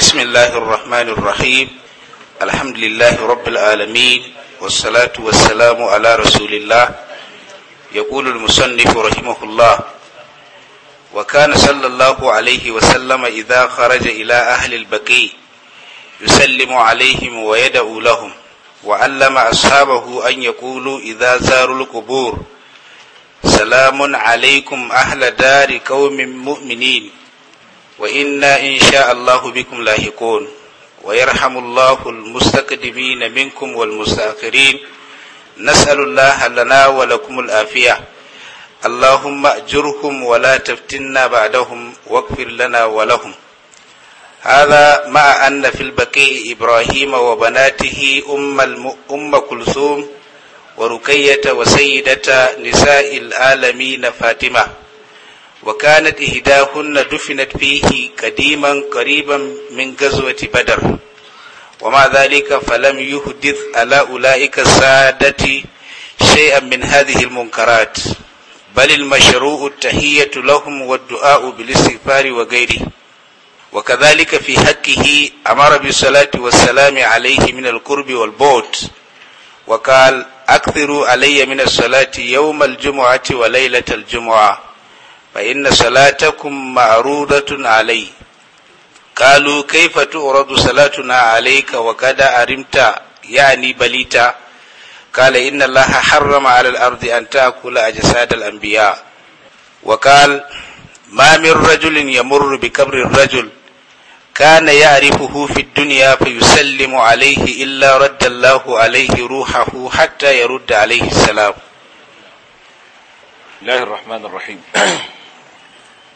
بسم الله الرحمن الرحيم الحمد لله رب العالمين والصلاة والسلام على رسول الله يقول المصنف رحمه الله وكان صلى الله عليه وسلم إذا خرج إلى أهل البقيع يسلم عليهم ويدعو لهم وعلم أصحابه أن يقولوا إذا زاروا القبور سلام عليكم أهل دار قوم مؤمنين وإنا إن شاء الله بكم لاحقون ويرحم الله المستقدمين منكم والمستأخرين نسأل الله لنا ولكم العافية اللهم أجرهم ولا تفتنا بعدهم واغفر لنا ولهم هذا مع أن في البقيع إبراهيم وبناته أم, الم... أم كلثوم ورقية وسيدة نساء العالمين فاطمة وكانت إهداهن دفنت فيه قديما قريبا من غزوة بدر ومع ذلك فلم يحدث على أولئك السادة شيئا من هذه المنكرات بل المشروع التهية لهم والدعاء بالاستغفار وغيره وكذلك في حقه أمر بالصلاة والسلام عليه من القرب والبعد وقال أكثروا علي من الصلاة يوم الجمعة وليلة الجمعة فإن صلاتكم معروضة علي قالوا كيف تعرض صلاتنا عليك وقد أرمت يعني بليتا قال إن الله حرم على الأرض أن تأكل أجساد الأنبياء وقال ما من رجل يمر بقبر الرجل كان يعرفه في الدنيا فيسلم عليه إلا رد الله عليه روحه حتى يرد عليه السلام الله الرحمن الرحيم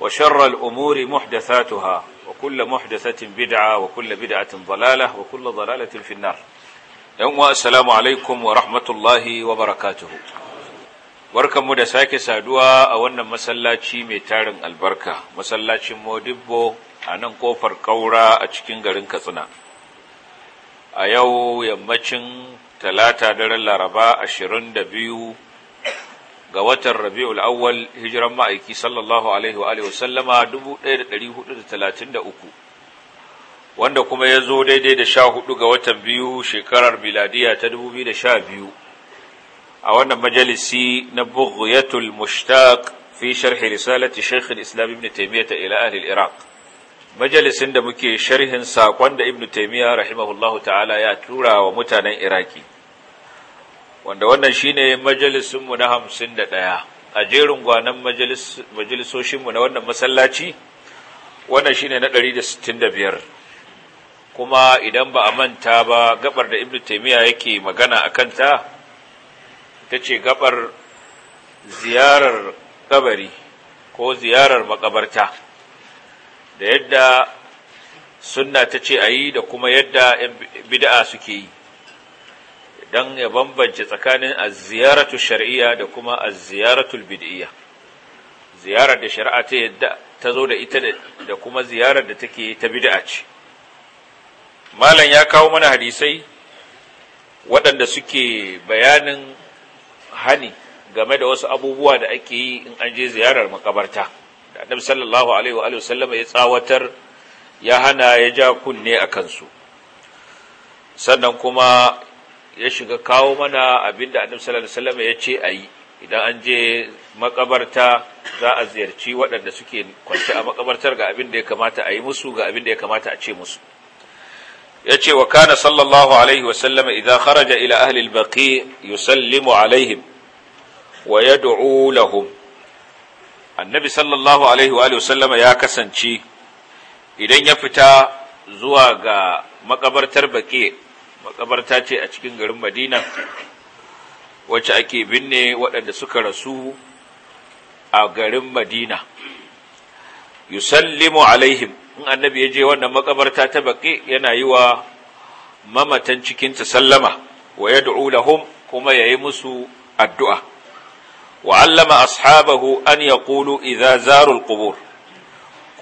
وشر الأمور محدثاتها وكل محدثة بدعة وكل بدعة ضلالة وكل ضلالة في النار يوم السلام عليكم ورحمة الله وبركاته barkan mu da sake saduwa a wannan masallaci mai tarin albarka masallacin modibbo a nan kofar kaura a cikin garin katsina a yau yammacin talata daren laraba da biyu. ga watan rabi'ul awwal hijiran ma'aiki sallallahu alaihi wa alihi wasallama 1433 wanda kuma ya zo daidai da sha hudu ga watan biyu shekarar miladiya ta 2012 a wannan majalisi na bughyatul mushtaq fi sharhi risalati shaykh al-islam ibn taymiyyah ila ahli al-iraq majalisin da muke sharhin sakon da ibn taymiyyah rahimahullahu ta'ala ya tura wa mutanen iraki wanda wannan shine majalisunmu na hamsin da ɗaya a jerin gwanon majalisoshinmu na wannan masallaci wannan shine na ɗari da sittin da biyar kuma idan ba a manta ba gabar da ibnu taimiyya yake magana a kanta ta ce gabar ziyarar kabari ko ziyarar makabarta da yadda sunna ta ce a yi da kuma yadda 'yan bid'a suke yi don ya bambance tsakanin az-ziyaratu shar'iyya da kuma az-ziyaratu bid'iyya ziyarar da shari'a ta yadda ta zo da ita da kuma ziyarar da take ta bid'a ce malam ya kawo mana hadisai waɗanda suke bayanin hani game da wasu abubuwa da ake yi in an je ziyarar makabarta da annabi sallallahu alaihi wa sallama ya tsawatar ya hana ya ja kunne a kansu sannan kuma ya shiga kawo mana abinda annabi sallallahu alaihi wasallam ya ce a yi idan an je makabarta za a ziyarci waɗanda suke kwanci a makabartar ga abin da ya kamata a yi musu ga abin da ya kamata a ce musu ya ce wa kana sallallahu alaihi wasallama idan kharaja ila ahli albaqi yusallimu alaihim wa yad'u lahum annabi sallallahu alaihi wa wasallama ya kasance idan ya fita zuwa ga makabartar baqi makabarta ce a cikin garin madina wacce ake binne waɗanda suka rasu a garin madina yusallimu alaihim in annabi ya je wannan makabarta ta baƙi yana yi wa mamatan cikinta sallama wa ya lahum kuma ya yi musu addu'a wa allama ashabahu an ya ƙulu idza zarul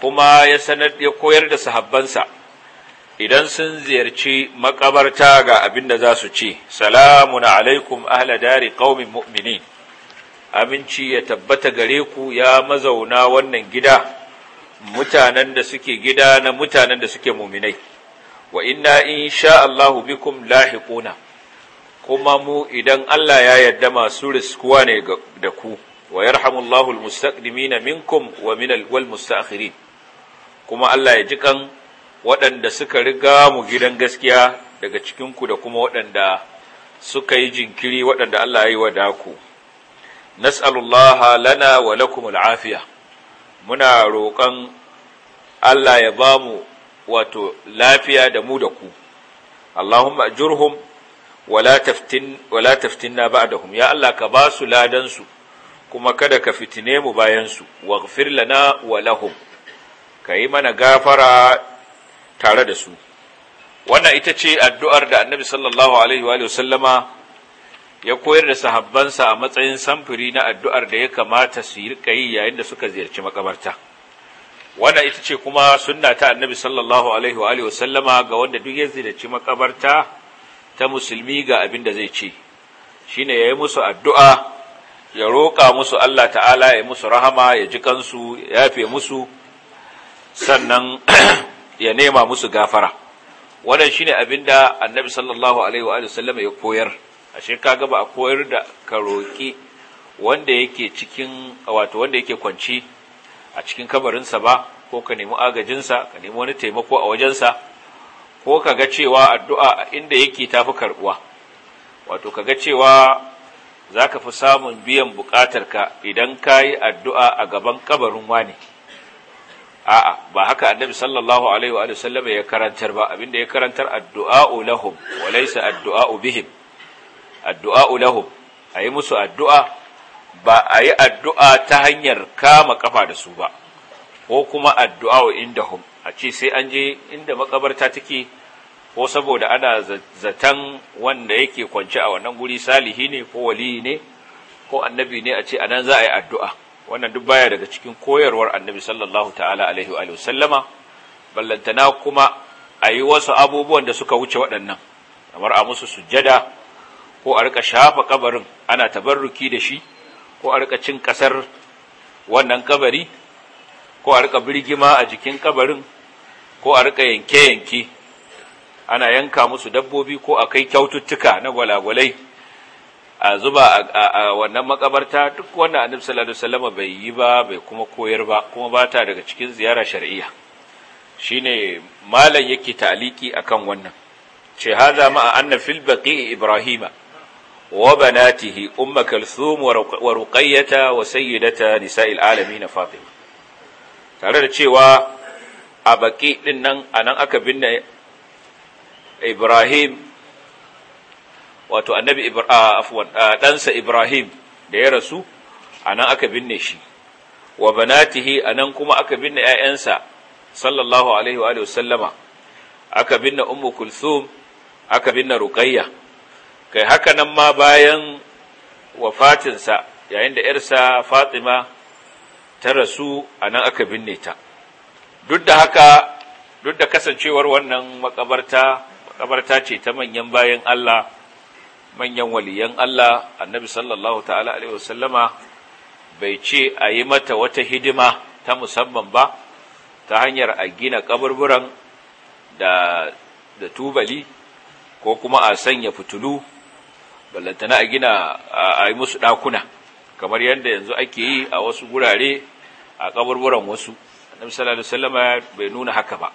kuma ya sanar ya koyar da sahabbansa idan sun ziyarci makabarta ga abin da za su ce salamun alaikum ahla dari qaumin mu'minin aminci ya tabbata gare ku ya mazauna wannan gida mutanen da suke gida na mutanen da suke muminai wa inna insha Allahu bikum lahiquna kuma mu idan Allah ya yarda masu riskuwa ne da ku wa yarhamullahu almustaqdimina minkum wa min wal mustaakhirin kuma Allah ya ji kan waɗanda suka riga mu gidan gaskiya daga cikinku da kuma waɗanda suka yi jinkiri waɗanda Allah ya yi wa daku nas'alullaha lana wa lakum muna roƙon Allah ya ba mu wato lafiya da mu da ku Allahumma ajurhum wala taftin na taftinna da ya Allah ka ba su ladan su kuma kada ka fitine mu bayan su waghfir lana wa lahum yi mana gafara tare da su wannan ita ce addu'ar da annabi sallallahu alaihi wa sallama ya koyar da sahabbansa a matsayin samfuri na addu'ar da ya kamata su yi yi yayin da suka ziyarci makabarta wannan ita ce kuma sunna ta annabi sallallahu alaihi wa sallama ga wanda duk ya ziyarci makabarta ta musulmi ga abin da zai ce shine yi musu addu'a ya roƙa musu Allah ta'ala ya musu rahama ya ji kansu ya yafe musu sannan ya nema musu gafara wannan shine abin da annabi sallallahu alaihi wa sallam ya koyar ashe kaga ba a koyar da ka roki wanda yake cikin wato wanda yake kwanci a cikin kabarinsa ba ko ka nemi agajinsa ka nemi wani taimako a wajensa ko ka ga cewa addu'a inda yake tafi karbuwa wato ka ga cewa za ka fi samun biyan bukatarka idan ka yi addu'a a gaban kabarin wani a'a ba haka annabi sallallahu alaihi wa sallam ya karantar ba abinda ya karantar addu'a'u lahum wa laysa addu'a'u bihim addu'a'u lahum ayi musu addu'a ba ayi addu'a ta hanyar kama kafa da su ba ko kuma inda indahum a ce sai an je inda makabarta take ko saboda ana zaton wanda yake kwance a wannan guri salihi ne ko wali ne ko annabi ne a ce anan za a yi addu'a wannan duk baya daga cikin koyarwar annabi sallallahu ta'ala alaihi wa sallama ballantana kuma a yi wasu abubuwan da suka wuce waɗannan kamar a musu sujjada ko a rika shafa kabarin ana tabarruki da shi ko a rika cin ƙasar wannan kabari ko a rika birgima a jikin kabarin ko a rika yanke-yanke ana yanka musu dabbobi ko a kai kyaututtuka na gwalagwalai a zuba a wannan makabarta duk wannan annabi sallallahu alaihi wasallam bai yi ba bai kuma koyar ba kuma ba ta daga cikin ziyara shar'iyya shine malam yake ta'aliki akan wannan ce hadha ma anna fil baqi ibrahima wa banatihi umma kalthum wa ruqayyata wa sayyidata nisa'il alamin fatima tare da cewa a baki din nan anan aka binne ibrahim wato annabi afwan ɗansa ibrahim da ya rasu a nan aka binne shi wa banatihi a nan kuma aka binne 'ya'yansa sallallahu alaihi wa sallama aka binne ummu kulthum aka binne ruqayya kai haka nan ma bayan wafatinsa yayin da 'yarsa fatima ta rasu a nan aka binne ta duk da haka duk da kasancewar wannan makabarta makabarta ce ta manyan bayan Allah manyan waliyan Allah annabi sallallahu ta'ala alaihi wasallama bai ce a yi mata wata hidima ta musamman ba ta hanyar a gina kaburburan da da tubali ko kuma a sanya fitulu ballantana a gina a yi musu ɗakuna kamar yadda yanzu ake yi a wasu gurare a kaburburan wasu annabi sallallahu alaihi wasallama bai nuna haka ba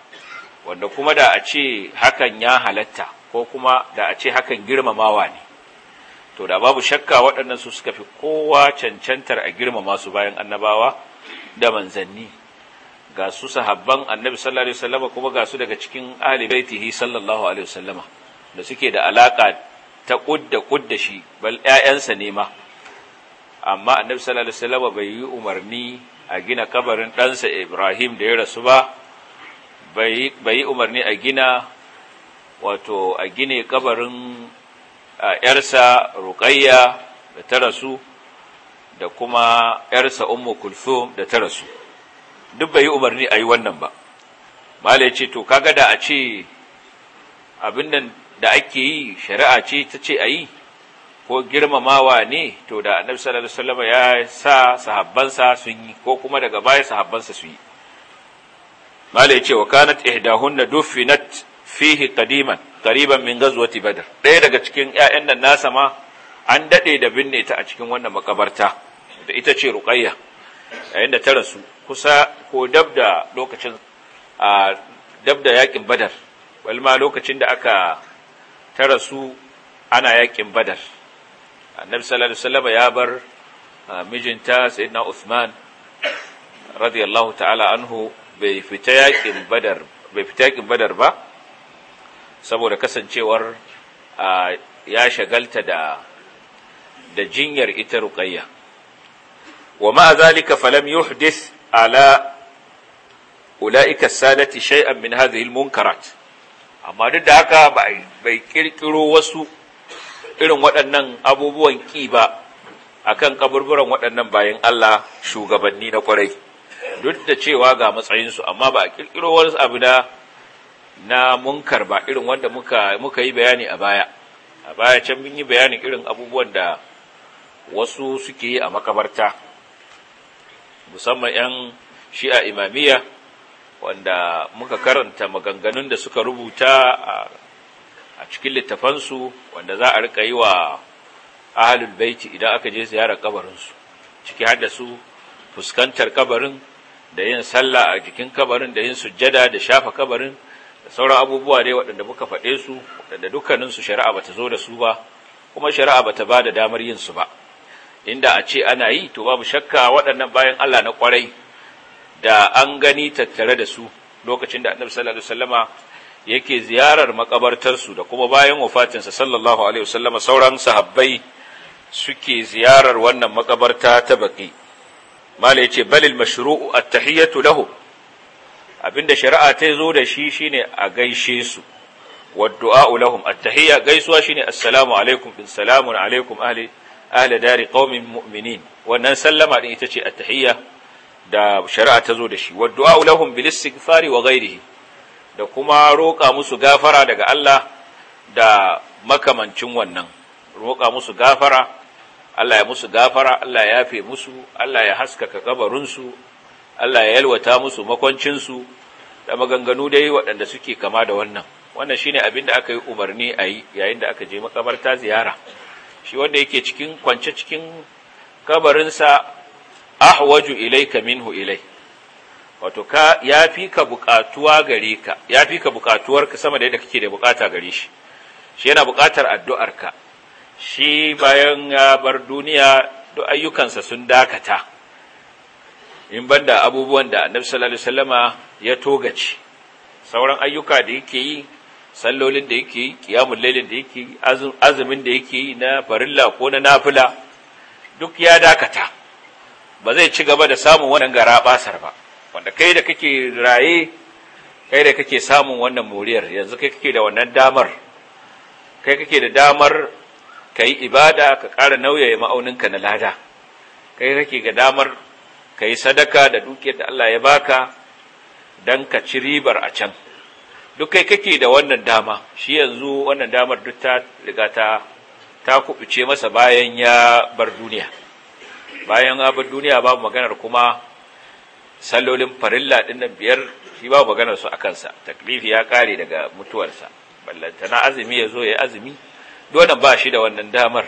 wanda kuma da a ce hakan ya halatta ko kuma da a ce hakan girmamawa ne to da babu shakka waɗannan su suka fi kowa cancantar a girmama su bayan annabawa da manzanni ga su sahabban annabi sallallahu alaihi wasallama kuma ga su daga cikin ahli baitihi sallallahu alaihi wasallama da suke da alaka ta kudda kudda shi bal ƴaƴansa ne ma amma annabi sallallahu alaihi wasallama bai yi umarni a gina kabarin ɗansa Ibrahim da ya rasu ba bai yi umarni a gina wato a gine kabarin yarsa Rukayya da ta rasu da kuma yarsa ummu kulthum da ta rasu duk bai yi umarni a yi wannan ba mala ya ce to kaga da a ce abin nan da ake yi shari'a ce ta ce a yi ko girmamawa ne to da annabi sallallahu alaihi ya sa sahabbansa sun yi ko kuma daga baya sahabbansa sun yi mala ya ce wa kanat ihdahunna dufinat fihi qadiman qariban min ghazwati badr ɗaya daga cikin ƴaƴan nan nasa ma an daɗe da binne ta a cikin wannan makabarta da ita ce ruqayya yayin da ta rasu kusa ko dab da lokacin a dab da yakin badar ma lokacin da aka ta rasu ana yakin badar annabi sallallahu alaihi wasallam ya bar mijinta sayyidina usman radiyallahu ta'ala anhu bai fita yakin badar bai fita yakin badar ba saboda kasancewar ya shagalta da da jinyar ita ruqayya wa ma'azalika zalika falam yuhdis ala ulaika salati shay'an min hadhihi almunkarat amma duk da haka bai kirkiro wasu irin waɗannan abubuwan ki ba akan kaburburan waɗannan bayan Allah shugabanni na kwarai duk da cewa ga matsayinsu amma ba a kirkiro wani abu na na munkar ba irin wanda muka muka yi bayani a baya a baya can mun yi bayanin irin abubuwan da wasu suke yi a makabarta musamman 'yan shi'a imamiyya wanda muka karanta maganganun da suka rubuta a cikin littafansu wanda za a rika yi wa ahalul baiti idan aka je ziyarar kabarinsu ciki har da su fuskantar kabarin da yin sallah a jikin kabarin da yin sujjada da shafa kabarin da sauran abubuwa dai waɗanda muka faɗe su waɗanda dukkaninsu shari'a bata zo da su ba kuma shari'a bata ba da damar yin su ba inda a ce ana yi to babu shakka waɗannan bayan Allah na ƙwarai da an gani tattare da su lokacin da annabi sallallahu alaihi wasallama yake ziyarar makabartarsu da kuma bayan wafatinsa sallallahu alaihi wasallama sauran sahabbai suke ziyarar wannan makabarta ta baki mala yace balil mashru'u at-tahiyatu lahu Abin da shari'a ta zo da shi shine a gaishe su waddu'a lahum at-tahiyya gaisuwa shine assalamu alaikum bin salamun alaikum ahli ahli dari qaumin mu'minin wannan sallama din ita ce at-tahiyya da shari'a ta zo da shi waddu'a lahum bil istighfari wa ghairihi da kuma roƙa musu gafara daga Allah da makamancin wannan roƙa musu gafara Allah ya musu gafara Allah ya yafe musu Allah ya haskaka kabarinsu Allah ya yalwata musu makwancinsu da maganganu dai waɗanda suke kama da wannan wannan shine abin da aka yi umarni a yi yayin da aka je makabarta ziyara shi wanda yake cikin kwance cikin kabarinsa ahwaju ilaika minhu ilai wato ka ya fi ka bukatuwa gare ka ya fi ka buƙatuwarka sama da yadda kake da bukata gare shi shi yana buƙatar addu'arka shi bayan ya bar duniya duk ayyukansa sun dakata in banda abubuwan da annabi sallallahu alaihi wasallama ya togace sauran ayyuka da yake yi sallolin da yake yi qiyamul lailin da yake yi azumin da yake yi na farilla ko na nafila duk ya dakata ba zai ci gaba da samun wannan gara basar ba wanda kai da kake raye kai da kake samun wannan moriyar yanzu kai kake da wannan damar kai kake da damar ka ibada ka ƙara nauyaye ma'auninka na lada kai kake ga damar ka yi sadaka da dukiyar da Allah ya baka don ka ci ribar a can duk kai kake da wannan dama shi yanzu wannan damar duk ta riga ta ta kubuce masa bayan ya bar duniya bayan ya bar duniya babu maganar kuma sallolin farilla ɗin nan biyar shi babu maganar su a kansa taklifi ya kare daga mutuwarsa ballantana azumi ya zo ya azumi dole ba shi da wannan damar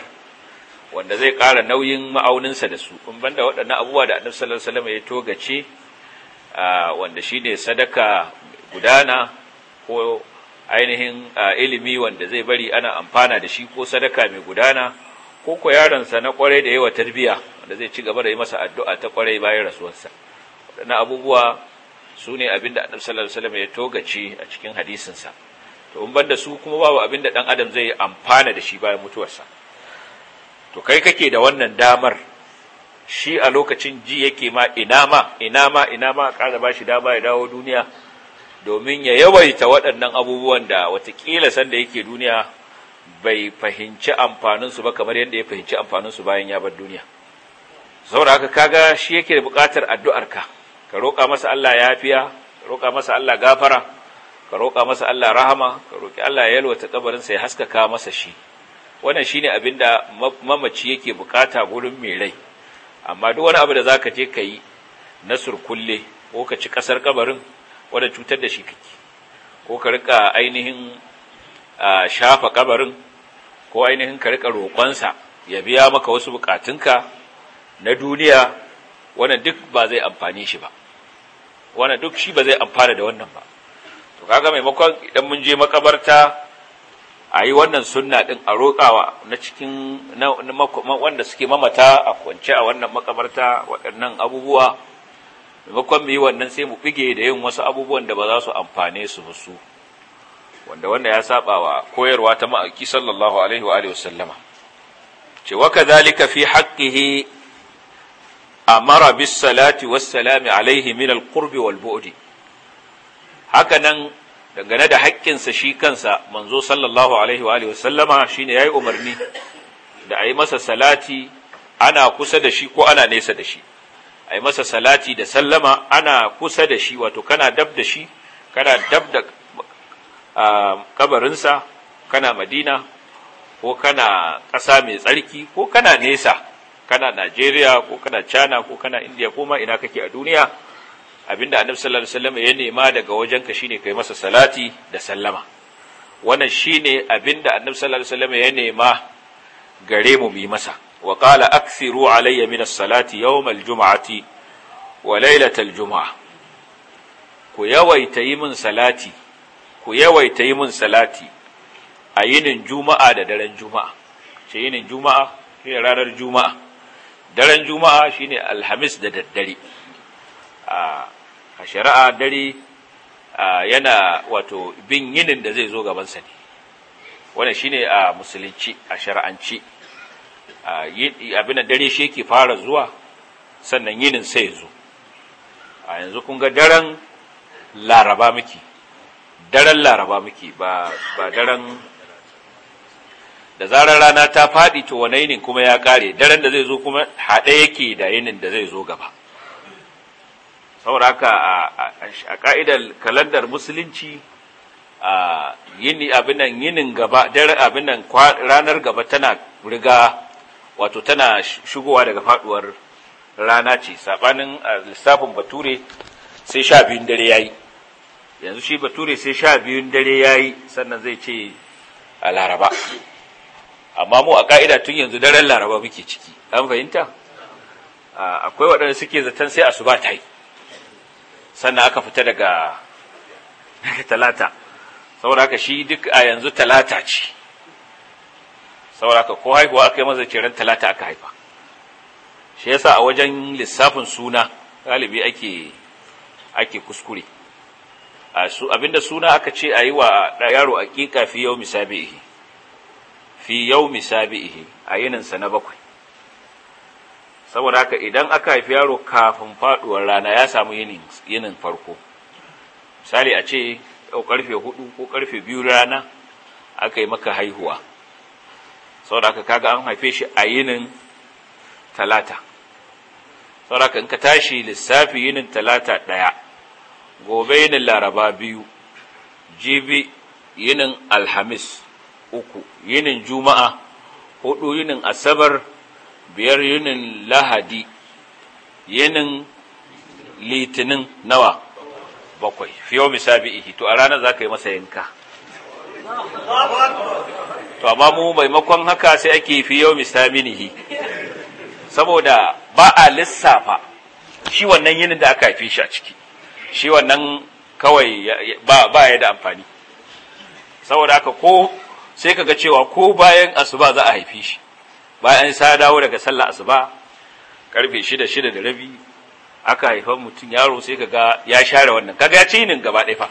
wanda zai ƙara nauyin ma'auninsa da su kun banda waɗannan abubuwa da annabi sallallahu alaihi wasallam ya togace wanda shine sadaka gudana ko ainihin ilimi wanda zai bari ana amfana da shi ko sadaka mai gudana ko ko sa na kwarai da yawa tarbiya wanda zai ci gaba da yi masa addu'a ta kwarai bayan rasuwarsa waɗannan abubuwa su ne abin da annabi sallallahu alaihi wasallam ya togace a cikin hadisinsa to in su kuma babu abin da dan adam zai amfana da shi bayan mutuwarsa to kai kake da wannan damar shi a lokacin ji yake ma ina ma ina ma ina ma ba shi dama ya dawo duniya domin ya yawaita waɗannan abubuwan da watakila sanda yake duniya bai fahimci amfaninsu ba kamar yadda ya fahimci amfaninsu bayan ya bar duniya saboda haka kaga shi yake da buƙatar addu'arka ka roƙa masa Allah yafiya ka roƙa masa Allah gafara ka roƙa masa Allah rahama ka roƙi Allah ya yalwata kabarinsa ya haskaka masa shi wannan shine abin da mamaci yake bukata gurin mai rai amma duk wani abu da zaka je ka yi na surkulle ko ka ci kasar kabarin wanda cutar da shi kake ko ka rika ainihin shafa kabarin ko ainihin ka rika sa ya biya maka wasu bukatunka na duniya wannan duk ba zai amfane shi ba wannan duk shi ba zai amfana da wannan ba to kaga maimakon idan mun je makabarta a yi wannan sunna din a roƙawa na cikin wanda suke mamata a kwance a wannan makabarta waɗannan abubuwa maimakon mu yi wannan sai mu bige da yin wasu abubuwan da ba za su amfane su ba wanda wanda ya saba wa koyarwa ta ma'aiki sallallahu alaihi wa alihi wasallama ce wa kadhalika fi haqqihi amara bis salati was salami alaihi min al qurbi wal bu'di haka nan dangane da haƙƙinsa shi kansa manzo sallallahu alaihi wa sallama shine yayi umarni da ayi masa salati ana kusa da shi ko ana nesa da shi yi masa salati da sallama ana kusa da shi wato kana dab da shi kana dab da kabarinsa kana madina ko kana ƙasa mai tsarki ko kana nesa kana najeriya ko kana china ko kana india ko ma ina kake a duniya abinda annabi sallallahu alaihi wasallam ya nema daga wajenka shine kai masa salati da sallama wannan shine abinda annabi sallallahu alaihi wasallam ya nema gare mu bi masa wa qala akthiru alayya min as-salati yawm al-jum'ati wa laylat al-jum'a ku yawaita yi min salati ku yawaita yi min salati a yinin juma'a da daren juma'a ce yinin juma'a shine ranar juma'a daren juma'a shine alhamis da daddare a shari'a dare yana wato bin yinin da zai zo gabansa ne wannan shine a musulunci a shari'anci abin da dare shi yake fara zuwa sannan yinin sai zo a yanzu kun ga daren laraba miki daren laraba miki ba daren da zarar rana ta faɗi to wani yinin kuma ya kare, daren da zai zo kuma haɗe yake da yinin da zai zo gaba haka a ka'idar kalandar musulunci a yini abinan yinin gaba dare abinan ranar gaba tana riga wato tana shigowa daga faduwar rana ce sabanin lissafin bature sai sha biyun dare yayi yanzu shi bature sai sha biyun dare yayi sannan zai ce a laraba amma mu a ka'ida tun yanzu daren laraba muke ciki an fahimta akwai waɗanda suke zaton sai asuba ta yi sannan aka fita daga talata saboda haka shi duk a yanzu talata ce saboda haka ko haihuwa aka yi masa ceren talata aka haifa shi yasa a wajen lissafin suna galibi ake ake kuskure abinda suna aka ce a yi wa yaro aƙiƙa fi yau misabi'ihi fi yau misabi'ihi a yininsa na bakwai saboda haka idan aka haifi yaro kafin faduwar rana ya samu yinin farko misali a ce yau karfe hudu ko karfe biyu rana aka yi maka haihuwa saboda haka kaga an haife shi a yinin talata saboda haka in ka tashi lissafi yinin talata ɗaya gobe yinin laraba biyu jibi yinin alhamis uku yinin juma'a hudu yinin asabar biyar yunin lahadi yinin litinin nawa bakwai fiyo ihi to a ranar za ka yi masa yanka to amma mu maimakon haka sai ake fiyo ihi saboda ba a lissafa shi wannan yinin da aka haife shi a ciki shi wannan kawai ba ya da amfani saboda haka ko sai ka ga cewa ko bayan asuba za a haife shi bayan sa dawo daga sallah asuba karfe shida shida da rabi aka haifa mutum yaro sai kaga ya share wannan kaga ya ci yinin gaba ɗaya fa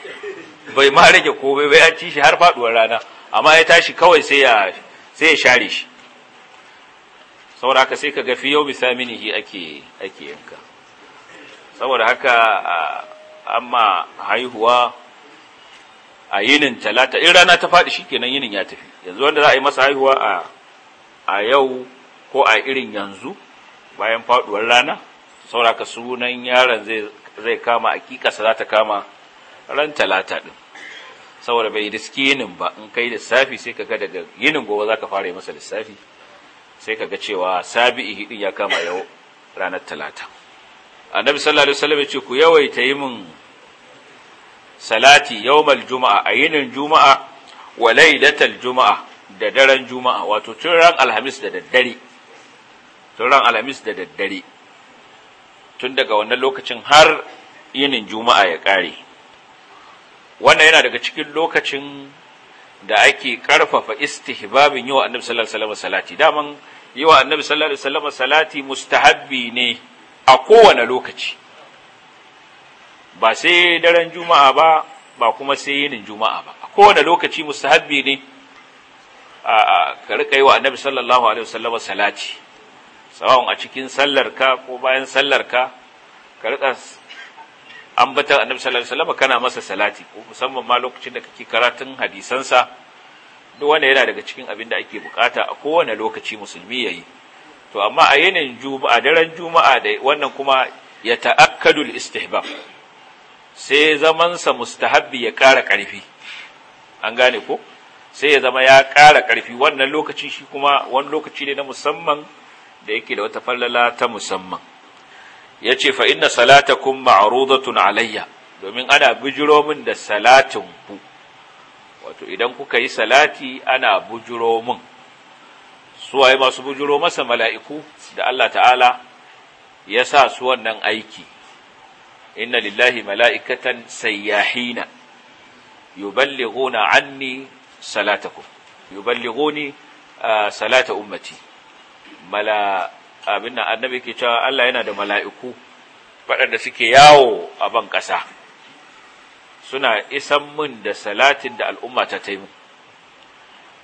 bai ma rage ko bai ya ci shi har faduwar rana amma ya tashi kawai sai ya sai ya share shi saboda haka sai kaga fi yau bisaminihi ake ake yanka saboda haka amma haihuwa a yinin talata in rana ta faɗi shikenan yinin ya tafi yanzu wanda za a yi masa haihuwa a a yau ko a irin yanzu bayan faduwar rana sauraka sunan yaron zai kama akikasa za ta kama ran talata din saboda bai riski yinin ba in kai lissafi sai ka ga daga yinin gobe za ka fara yi masa lissafi sai ka ga cewa sabi'i hidin ya kama yau ranar talata annabi sallallahu alaihi wasallam ce ku yawai ta yi min salati yawmal juma'a a yinin juma'a wa lailatal juma'a da daren juma'a wato tun ran alhamis da daddare tun ran alhamis da daddare tun daga wannan lokacin har yinin juma'a ya ƙare wannan yana daga cikin lokacin da ake ƙarfafa istihbabin yi wa annabi sallallahu alaihi wasallam salati daman yi wa annabi sallallahu alaihi wasallam salati mustahabbi ne a kowane lokaci ba sai daren juma'a ba ba kuma sai yinin juma'a ba a kowane lokaci mustahabbi ne ka rika yi wa annabi sallallahu alaihi wasallam salati sawon a cikin sallar ka ko bayan sallar ka ka rika ambata annabi sallallahu alaihi wasallam kana masa salati ko musamman ma lokacin da kake karatun hadisansa duk wanda yana daga cikin abin da ake bukata a kowane lokaci musulmi yayi to amma a yanayin juma'a daren juma'a da wannan kuma ya ta'akkadul istihbab sai zaman sa mustahabbi ya kara karfi an gane ko sai ya zama ya ƙara ƙarfi wannan lokaci shi kuma wani lokaci ne na musamman da yake da wata fallala ta musamman ya ce fa inna salatakum ma'rudatun alayya domin ana bujuro min da salatin ku wato idan kuka yi salati ana bujuro min waye masu bujiro masa mala'iku da Allah ta'ala ya sa su wannan aiki inna lillahi mala'ikatan sayyahina yuballighuna anni salatakum yuballighuni uh, salata ummati mala abin annabi ke cewa Allah yana da mala'iku waɗanda suke yawo a ban ƙasa suna isan min da salatin da al'umma ta taimu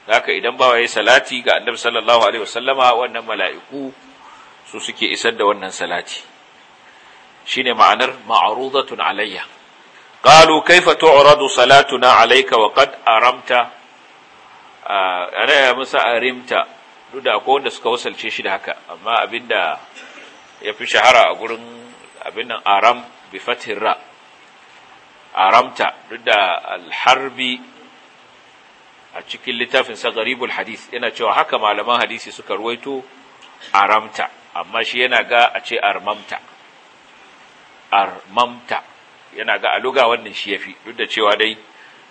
haka idan bawa ya salati ga annabi sallallahu alaihi wasallama wannan mala'iku su suke isar da wannan salati shine ma'anar ma'rudatun alayya qalu kaifa tu'radu salatuna alaika wa qad aramta ana ya musa a rimta duk da akwai wanda suka wasalce shi da haka amma abinda ya fi shahara a gurin abin nan aram bi fatin ra aramta duk da alharbi a cikin littafin sa garibul hadith yana cewa haka malaman hadisi suka ruwaito aramta amma shi yana ga a ce armamta armamta yana ga a lugawa wannan shi yafi duk da cewa dai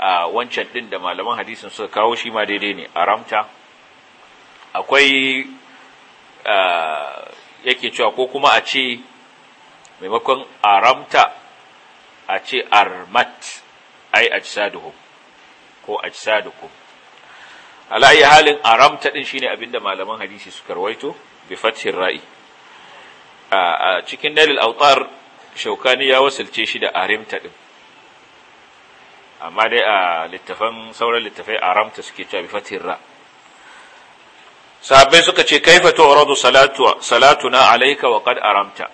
a wancan ɗin da malaman hadisin suka kawo shi ma daidai ne a ramta akwai yake cewa ko kuma a ce maimakon a ramta a ce armat ai ajsaduhum ko ajsadukum ala ala'ayi halin aramta ɗin shine abinda malaman hadisi suka rawaito bi fatihin ra'i a cikin dalil autar shaukani ya wasalce shi da arimta ɗin. amma dai a littafan sauran littafai a ramta suke cewa bi fatin ra sahabbai suka ce kaifa radu salatu salatuna alayka wa qad aramta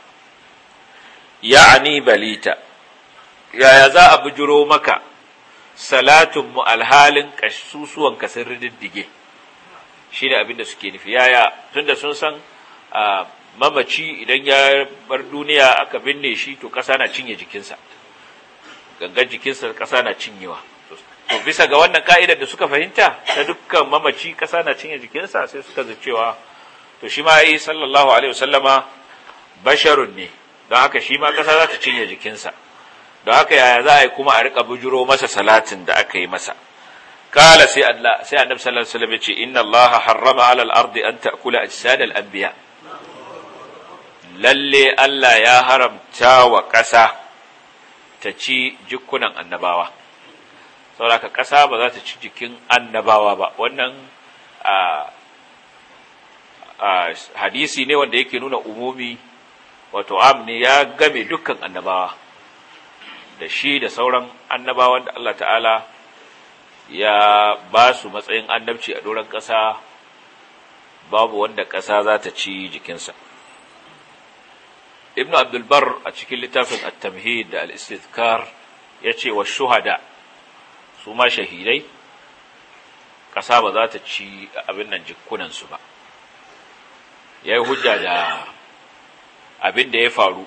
ya'ni balita yaya za a bujiro maka salatun mu alhalin kasusuwan ka sun riddige shine abin da suke nufi yaya tunda sun san ah, mamaci idan ya bar duniya aka binne shi to kasa na cinye jikinsa gangan jikinsa ƙasa na cinyewa to bisa ga wannan ka'idar da suka fahimta ta dukkan mamaci ƙasa na cinye jikinsa sai suka zai cewa to shi ma yi sallallahu alaihi wasallama basharun ne don haka shi ma ƙasa za ta cinye jikinsa don haka yaya za a yi kuma a riƙa bujuro masa salatin da aka yi masa kala sai Allah sai sallallahu alaihi wasallam ce inna Allah harrama alal ardi an ta'kula ajsad anbiya lalle Allah ya haramta wa ƙasa ta ci jikunan annabawa sauraka ƙasa ba za ta ci jikin annabawa ba wannan hadisi ne wanda yake nuna umumi wato am ne ya game dukkan annabawa da shi da sauran annabawan da Allah ta'ala ya ba su matsayin annabci a doron ƙasa babu wanda ƙasa za ta ci jikinsa ibnu abdulbar a cikin littafin at-tamhid da al-istidkar ce wa shuhada su ma shahidai ƙasa ba za ta ci abin nan jikunansu ba. ba yayi hujja da abin da ya faru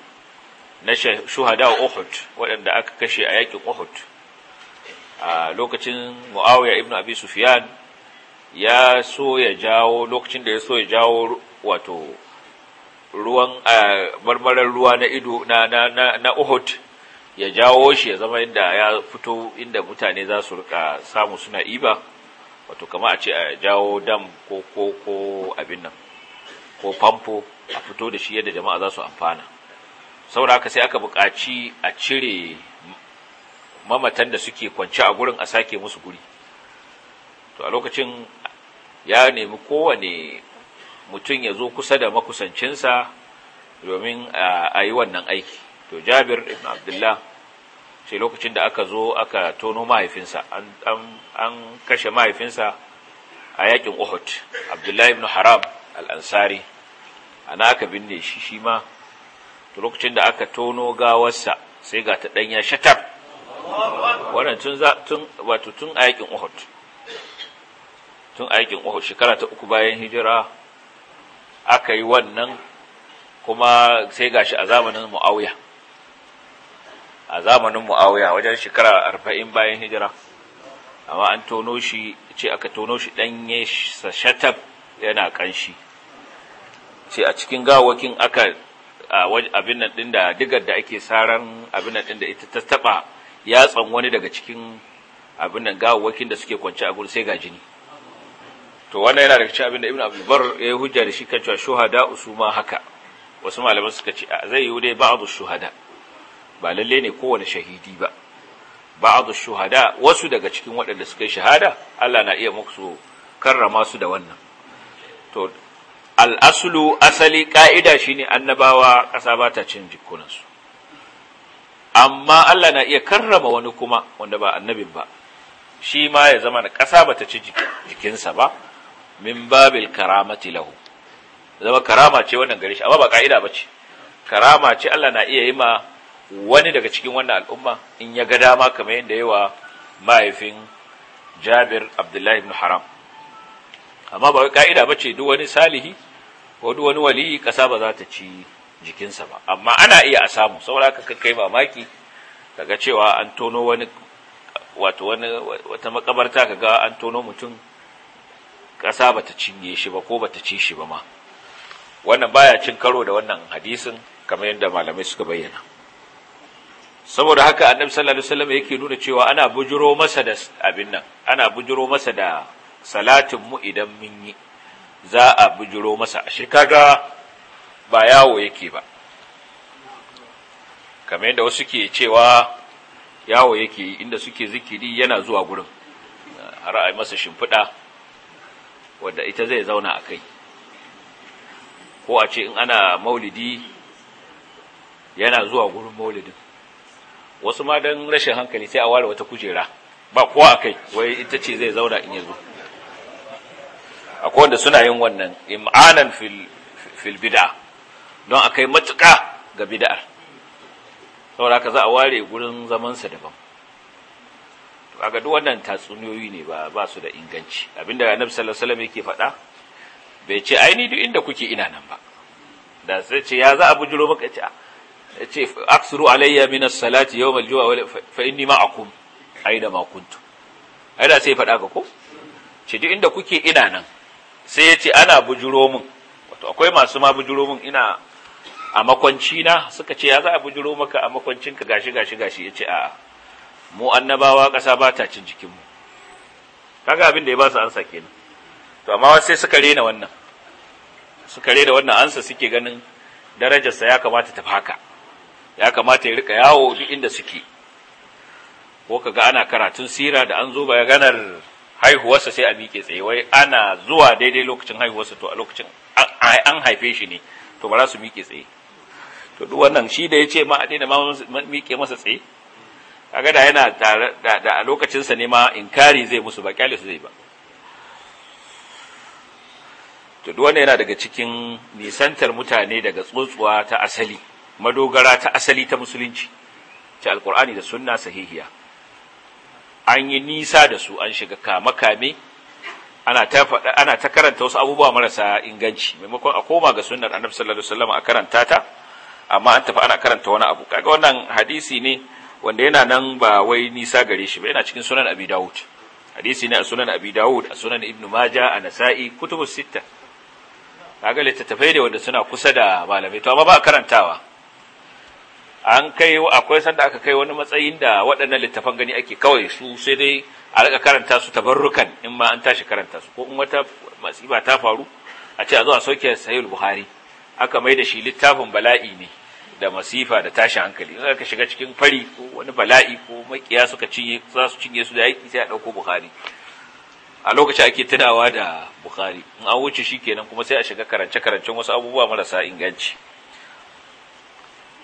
na shuhada Uhud waɗanda aka kashe a yakin Uhud a lokacin Muawiya ibn Abi Sufyan ya so ya jawo lokacin da ya so ya jawo wato ruwan marmarar ruwa na ido na na na Uhud ya jawo shi ya zama inda ya fito inda mutane za su rika samu suna iba wato kamar a ce a jawo dam ko ko ko abin nan ko famfo a fito da shi yadda jama'a za su amfana saboda haka sai aka buƙaci a cire mamatan da suke kwance a gurin a sake musu guri to a lokacin ya nemi kowane mutum ya zo kusa da makusancinsa domin a yi wannan aiki to jabir ibn abdullah sai lokacin da aka zo aka tono mahaifinsa an kashe mahaifinsa a yakin uhud abdullah ibn haram al'ansari ana aka binne shi shi ma to lokacin da aka tono gawarsa sai ga ta ɗanya shatar wannan tun a yakin uhud tun a yakin uhud shekara ta uku bayan hijira aka yi wannan kuma sai gashi a zamanin mu'awiya a zamanin mu'awiya wajen shekara arba'in bayan hijira amma an tono shi ce aka tono shi ɗanye sa shatab yana ƙanshi ce a cikin gawakin aka abin nan ɗin da digar da ake saran abin nan ɗin da ita ta taɓa yatsan wani daga cikin abin nan gawakin da suke kwance a gurin sai ga jini to wannan yana daga cikin abin da ibn abdulbar ya yi hujja da shi kan cewa shuhada usuma haka wasu malaman suka ce a zai yi dai ba'adu shuhada ba lalle ne kowane shahidi ba ba'adu shuhada wasu daga cikin waɗanda suka yi shahada Allah na iya muku karrama su da wannan to al al'asulu asali ka'ida shine annabawa ƙasa ba ta cin su amma Allah na iya karrama wani kuma wanda ba annabin ba shi ma ya zama na kasa ba ta ci jikinsa ba min babil karamati lahu zama karama ce wannan gare shi amma ba ka'ida ba ce karama ce Allah na iya yi ma wani daga cikin wannan al'umma in ya ga dama kamar yadda yi wa mahaifin jabir abdullahi ibn haram amma ba ka'ida ba ce duk wani salihi ko duk wani waliyi ƙasa ba za ta ci jikinsa ba amma ana iya a samu saboda ka kai mamaki kaga cewa an tono wani wato wani wata makabarta kaga an tono mutum ƙasa bata cinye shi ba ko bata ci shi ba ma wannan baya cin karo da wannan hadisin kamar yadda malamai suka bayyana saboda haka annabi sallallahu alaihi wasallam yake nuna cewa ana bujiro masa da abin nan ana bujiro masa da salatin mu idan mun yi za a bujiro masa A shekaga ba yawo yake ba kamar yadda wasu ke cewa yawo yake inda suke zikiri yana zuwa gurin har a masa shimfiɗa wadda ita zai zauna a kai ko a ce in ana maulidi yana zuwa gurin maulidin wasu ma don rashin hankali sai a ware wata kujera ba kowa a kai wai ita ce zai zauna in ya zo akwai suna yin wannan im'anan filbida don a kai matuka ga bida'ar, saboda haka za a ware gurin zamansa daban kaga duk wannan tatsuniyoyi ne ba ba su da inganci abinda annabi sallallahu alaihi wasallam yake faɗa bai ce ai ni duk inda kuke ina nan ba da sai ce ya za a bujiro maka ce ah. ce aksuru alayya min as-salati yawm al-jumu'a fa inni ma'akum aina ma kuntu ai da sai faɗa ka ko ce duk inda kuke ina nan sai ya ce ana bujuro min wato akwai masu ma bujuro min ina a makwanci na suka ce ya za a bujuro maka a makwancinka gashi gashi gashi ya ce a'a mu annabawa ƙasa ba ta cin jikinmu kaga abin da ya ba su ansa kenan to amma sai suka rena wannan suka rena wannan ansa suke ganin darajarsa ya kamata ta faka, ya kamata ya rika yawo duk inda suke ko kaga ana karatun sira da an zo ba ya ganar haihuwarsa sai a miƙe tsaye wai ana zuwa daidai lokacin haihuwarsa to a lokacin an haife shi ne to ba za su miƙe tsaye to duk wannan shi da ya ce ma a daina ma miƙe masa tsaye kaga da yana tare da a lokacinsa ne ma inkari zai musu ba kyale su zai ba to duk wannan yana daga cikin nisantar mutane daga tsotsuwa ta asali madogara ta asali ta musulunci ta alkur'ani da sunna sahihiya an yi nisa da su an shiga kama kame ana ta ana ta karanta wasu abubuwa marasa inganci maimakon a koma ga sunnar annabi sallallahu alaihi wasallam a karanta ta amma an tafi ana karanta wani abu kaga wannan hadisi ne wanda yana nan ba wai nisa gare shi ba yana cikin sunan abi dawud hadisi ne a sunan abi dawud a sunan ibn maja a nasa'i kutubus sitta kaga littattafai da wanda suna kusa da malamai to amma ba karantawa an kai akwai sanda aka kai wani matsayin da waɗannan littafan gani ake kawai su sai dai a rika karanta su tabarrukan in ma an tashi karanta su ko in wata masiba ta faru a ce a zo a soke sahih buhari aka mai da shi littafin bala'i ne da masifa da tashin hankali in ka shiga cikin fari ko wani bala'i ko makiya suka cinye za su cinye su da yaki sai a dauko bukhari a lokacin ake tunawa da bukhari in an wuce shi kenan kuma sai a shiga karance karancen wasu abubuwa marasa inganci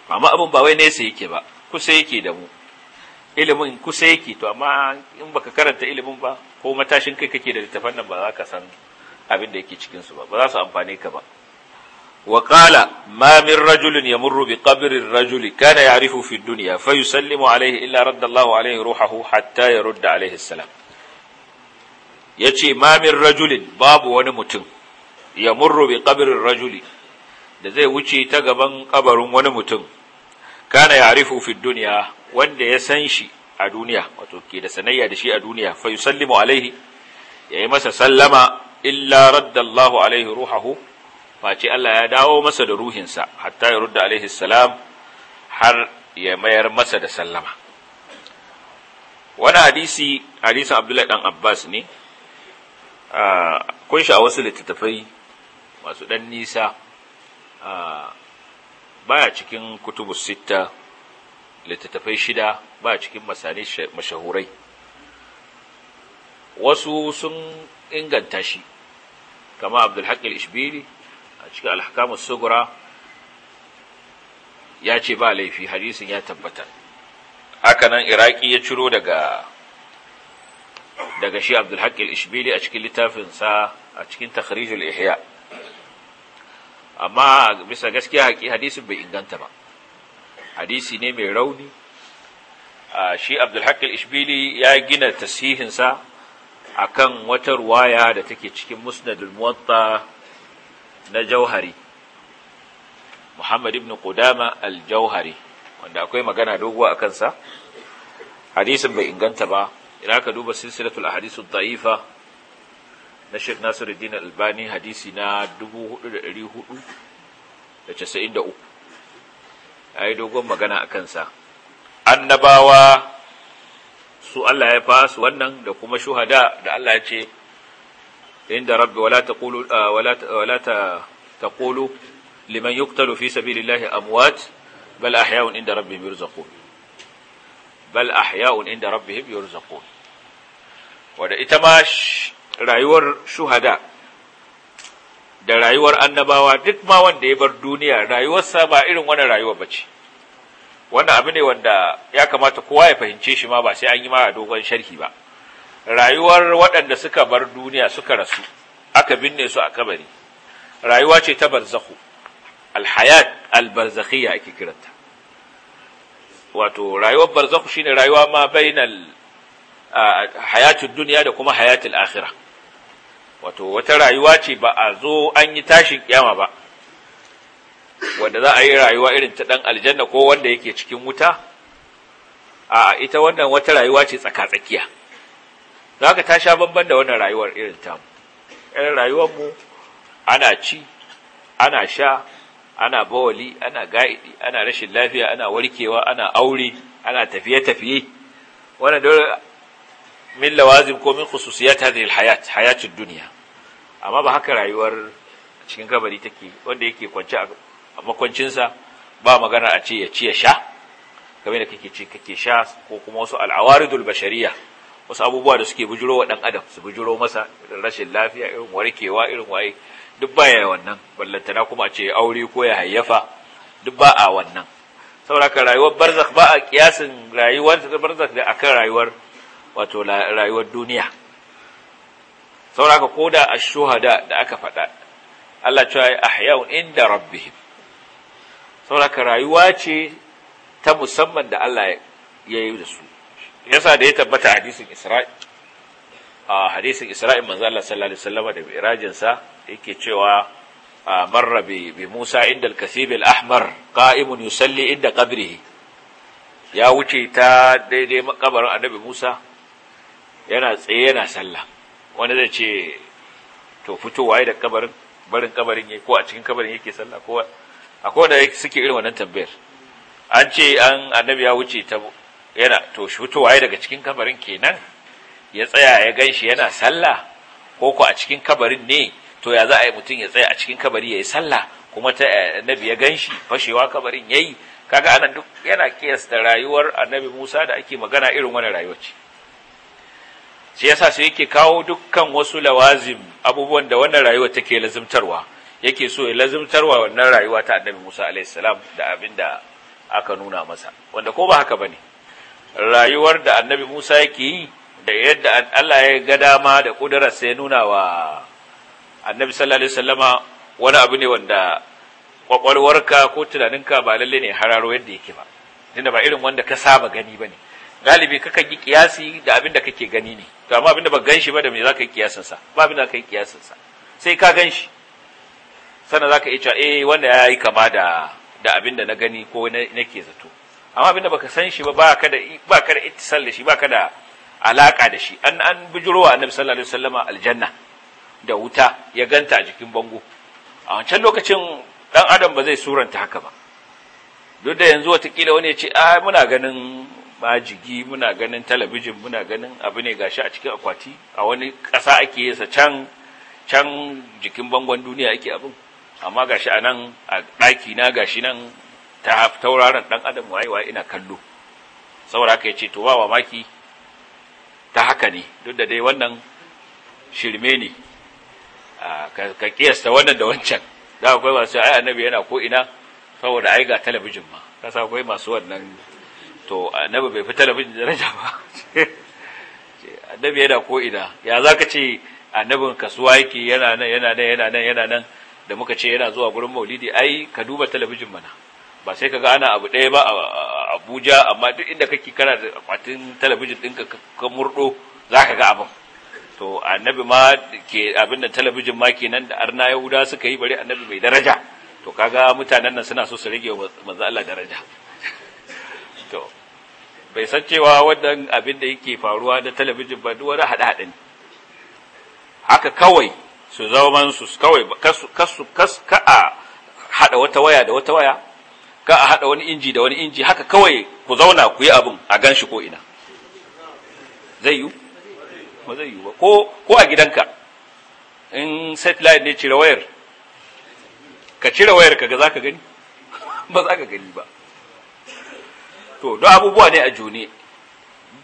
amma abin ba wai nesa yake ba kusa yake da mu ilimin kusa yake to amma in baka karanta ilimin ba ko matashin kai kake da littafan nan ba za ka san abin da yake cikin su ba ba za su amfane ka ba وقال ما من رجل يمر بقبر الرجل كان يعرفه في الدنيا فيسلم عليه إلا رد الله عليه روحه حتى يرد عليه السلام يتي ما من رجل باب ونمتم يمر بقبر الرجل da zai wuce ta gaban kabarin wani mutum kana ya'rifu fi dunya wanda ya san shi a duniya wato ke da sanayya da shi a duniya fa yusallimu alaihi yayi masa sallama illa radda Allahu alaihi ruhahu face Allah ya dawo masa da ruhinsa hatta ya rudda alaihi salam har ya mayar masa da sallama wani hadisi hadisin abdullahi dan abbas ne kun a wasu littattafai masu dan nisa baya cikin kutubus sita, littattafai shida baya cikin masani mashahurai wasu sun inganta shi kama abdulhaq al-ishbili a cikin alhakamus sugura ya ce ba laifi hadisin ya tabbata Hakanan iraki ya ciro daga daga shi Abdulhakil ishbili a cikin littafinsa a cikin takhrijul ihya amma bisa gaskiya haƙi hadisin bai inganta ba hadisi ne mai rauni shi Abdulhakil al-ishbili ya gina tasihinsa akan wata ruwaya da take cikin musnadul muwatta na jauhari Muhammad ibn Qudama al-Jauhari wanda akwai magana doguwa a kansa hadisin bai inganta ba idan ka duba silsilatul ahadith ad-da'ifa na Sheikh Nasiruddin Albani hadisi na 4493 ai dogon magana a kansa annabawa su Allah ya fasu wannan da kuma shuhada da Allah ya ce inda rabbi wala taqulu wala liman yuqtalu fi sabilillahi amwat bal ahya'un inda rabbihim yurzaqun bal ahya'un inda rabbihim yurzaqun ita ma rayuwar shuhada da rayuwar annabawa duk ma wanda ya bar duniya rayuwarsa ba irin wannan rayuwar bace wannan abu ne wanda ya kamata kowa ya fahimce shi ma ba sai an yi ma dogon sharhi ba rayuwar waɗanda suka bar duniya suka rasu aka binne su a kabari rayuwa ce ta barzakhu alhayat albarzakhiyya ake kiranta wato rayuwar barzakhu shine rayuwa ma bainal hayatud duniya da kuma hayatul akhirah wato wata rayuwa ce ba a zo an yi tashin kiyama ba wanda za a yi rayuwa irin ta dan aljanna ko wanda yake cikin wuta a ita wannan wata rayuwa ce tsaka-tsakiya za ka ta sha babban da wannan rayuwar irin tamu irin mu ana ci ana sha ana bawali ana ga'idi ana rashin lafiya ana warkewa ana aure ana tafiye-tafiye wannan dole min lawazim ko min khususiyat hadhihi alhayat ad dunya amma ba haka rayuwar cikin kabari take wanda yake kwance a sa ba magana a ce ya ci ya sha kamar da kake ci kake sha ko kuma wasu al'awaridul bashariya wasu abubuwa da suke bujuro wa ɗan adam su bujuro masa irin rashin lafiya irin warkewa irin waye duk baya wannan ballantana kuma a ce aure ko ya hayyafa duk ba a wannan sauraka rayuwar barzak ba a kiyasin rayuwar ta barzak da akan rayuwar wato rayuwar duniya sauraka ko da shuhada da aka faɗa Allah cewa ahya inda rabbihim sauraka rayuwa ce ta musamman da Allah ya yi da su yasa da ya tabbata hadisin isra'i a hadisin isra'i manzo Allah sallallahu alaihi wasallam da mirajin sa yake cewa marra bi bi Musa inda al-kasib al-ahmar qa'imun yusalli inda qabrihi ya wuce ta daidai makabarin annabi Musa yana tsaye yana sallah wani zai ce to fitowa da kabarin barin kabarin yake ko a cikin kabarin yake sallah ko akwai da suke irin wannan tambayar an ce an annabi ya wuce ta yana to shi waye daga cikin kabarin kenan ya tsaya ya gan shi yana sallah ko ko a cikin kabarin ne to ya za a yi mutum ya tsaya a cikin kabari ya yi sallah kuma ta eh, annabi ya gan shi fashewa kabarin ya yi kaga anan duk yana kiyasta rayuwar annabi musa da ake magana irin wani rayuwa ce shi yasa sai yake kawo dukkan wasu lawazim abubuwan da wannan rayuwa take lazimtarwa yake so ya lazimtarwa wannan rayuwa ta annabi musa alayhi salam da abin da aka nuna masa wanda ko ba haka bane ne rayuwar da annabi Musa yake yi da yadda Allah ya ga dama da ƙudurarsa ya nuna wa annabi sallallahu alaihi wasallama wani abu ne wanda kwakwalwarka ko tunaninka ba lalle ne hararo yadda yake ba tunda ba irin wanda ka saba gani bane galibi kan yi kiyasi da abin da kake gani ne to amma abin da ba gan shi ba da me ka yi kiyasin sa ba abin da ka yi kiyasin sa sai ka gan shi sannan ka iya cewa eh wanda ya yi kama da da abin da na gani ko nake zato amma abinda baka san shi ba baka da baka da ittisal da shi baka da alaka da shi an an bijirowa annabi sallallahu alaihi wasallama aljanna da wuta ya ganta a jikin bango a wancan lokacin dan adam ba zai suranta haka ba duk da yanzu watakila wani ya ce a muna ganin majigi muna ganin talabijin muna ganin abu ne gashi a cikin akwati a wani ƙasa ake yasa can can jikin bangon duniya ake abin amma gashi a nan a ɗaki na gashi nan ta tauraron dan adam waye waye ina kallo saboda haka yace to ba mamaki ta haka ne duk da dai wannan shirme ne ka kiyasta wannan da wancan da akwai masu ai annabi yana ko ina saboda ai ga talabijin ma kasa akwai masu wannan to annabi bai fi talabijin daraja ba annabi yana ko ina ya zaka ce annabin kasuwa yake yana nan yana nan yana nan yana nan da muka ce yana zuwa gurin maulidi ai ka duba talabijin mana ba sai kaga ana abu ɗaya ba a Abuja amma duk inda kake kana da akwatin talabijin ɗinka ka murdo za ka ga abin to annabi ma ke abin da talabijin ma kenan da arna yahuda suka yi bari annabi mai daraja to kaga mutanen nan suna so su rage manzo Allah daraja to bai san cewa wannan abin da yake faruwa da talabijin ba duk wani hada hada ne haka kawai su zama su kawai kasu kasu ka a hada wata waya da wata waya ka a haɗa wani inji da wani inji haka kawai ku zauna ku yi abin a gan shi ko ina zai yi ba zai yi ba ko a gidanka in satellite ne cire wayar ka cire wayar ka ga za ka gani ba za ka gani ba to don abubuwa ne a june